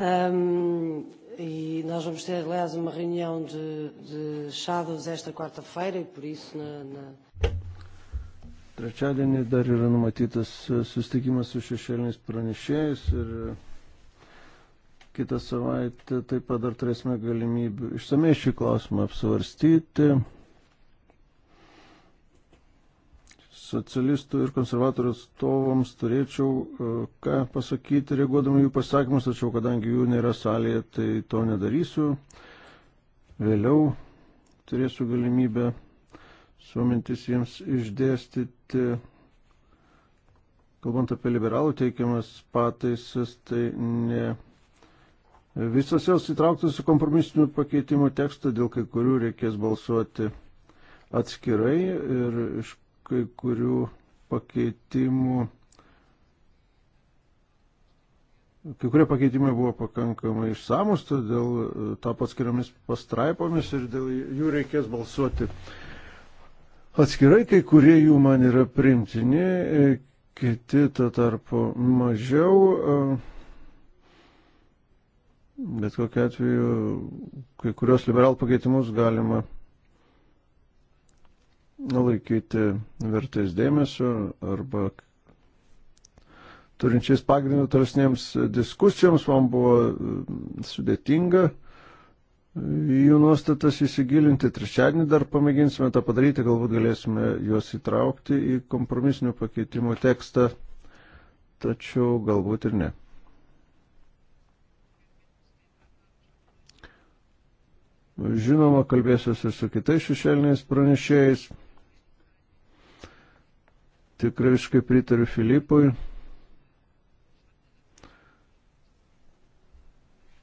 Um, e nós vamos ter, aliás, uma reunião de, de shadows esta quarta-feira e por isso na, na... Trečiadienį dar yra numatytas e, susitikimas su šešėliniais pranešėjais ir e, kitą savaitę taip pat dar turėsime galimybę išsamei šį klausimą apsvarstyti. socialistų ir konservatorių atstovams turėčiau e, ką pasakyti, reaguodami jų pasakymus, tačiau kadangi jų nėra salėje, tai to nedarysiu. Vėliau turėsiu galimybę suomintis jiems išdėstyti. Kalbant apie liberalų teikiamas pataisas, tai ne visas jos įtrauktas į kompromisinių pakeitimų tekstą, dėl kai kurių reikės balsuoti atskirai ir iš kai kurių pakeitimų. Kai kurie pakeitimai buvo pakankamai išsamus, todėl e, tą paskiriamis pastraipomis ir dėl jų reikės balsuoti. Atskirai kai kurie jų man yra primtini, e, kiti to tarpu mažiau. E, bet kokiu atveju kai kurios liberal pakeitimus galima laikyti vertais dėmesio arba turinčiais pagrindų tolesnėms diskusijoms man buvo mm, sudėtinga jų nuostatas įsigilinti. Trečiadienį dar pamėginsime tą padaryti, galbūt galėsime juos įtraukti į kompromisinių pakeitimų tekstą, tačiau galbūt ir ne. Žinoma, kalbėsiuosi su kitais šešėliniais pranešėjais. Tikrai visiškai pritariu Filipui.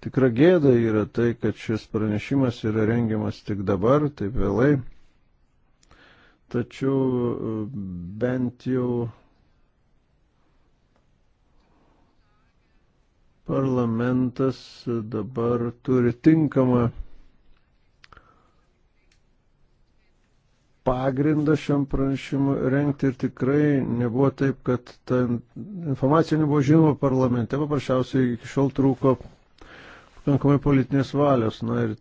Tikra gėda yra tai, kad šis pranešimas yra rengiamas tik dabar, taip vėlai. Tačiau e, bent jau parlamentas dabar turi tinkamą pagrindą šiam pranešimui renkti ir tikrai nebuvo taip, kad ta informacija nebuvo žinoma parlamente, paprasčiausiai iki šiol trūko pakankamai politinės valios. Na ir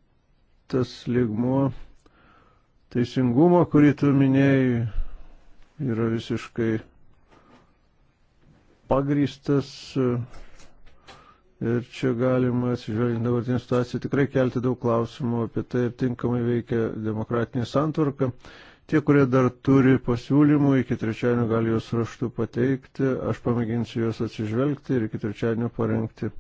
tas ligmuo teisingumo, kurį tu minėjai, yra visiškai pagrįstas ir čia galima, atsižvelgiant dabartinę situaciją, tikrai kelti daug klausimų apie tai ir tinkamai veikia demokratinė santvarka. Tie, kurie dar turi pasiūlymų, iki trečiadienio gali juos raštu pateikti, aš pamėginsiu juos atsižvelgti ir iki trečiadienio parengti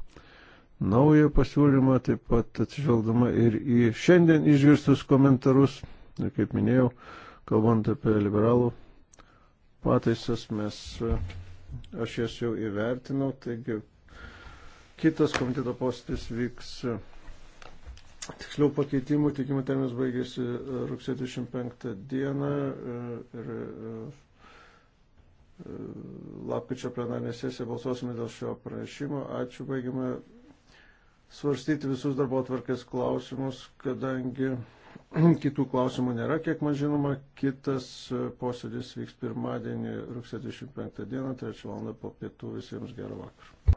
naują pasiūlymą, taip pat atsižvelgdama ir į šiandien išgirstus komentarus. Ir kaip minėjau, kalbant apie liberalų pataisas, mes, e, aš jas jau įvertinau, taigi kitas komiteto postis vyks. Tiksliau pakeitimų teikimo terminas baigėsi e, rugsėjo 25 dieną e, ir e, lapkričio plenarinė sesija balsuosime dėl šio pranešimo. Ačiū, baigime svarstyti visus darbo atvarkės klausimus, kadangi kitų klausimų nėra, kiek man žinoma. Kitas posėdis vyks pirmadienį rugsėjo 25 dieną, 3 val. po pietų. Visiems gerą vakarą.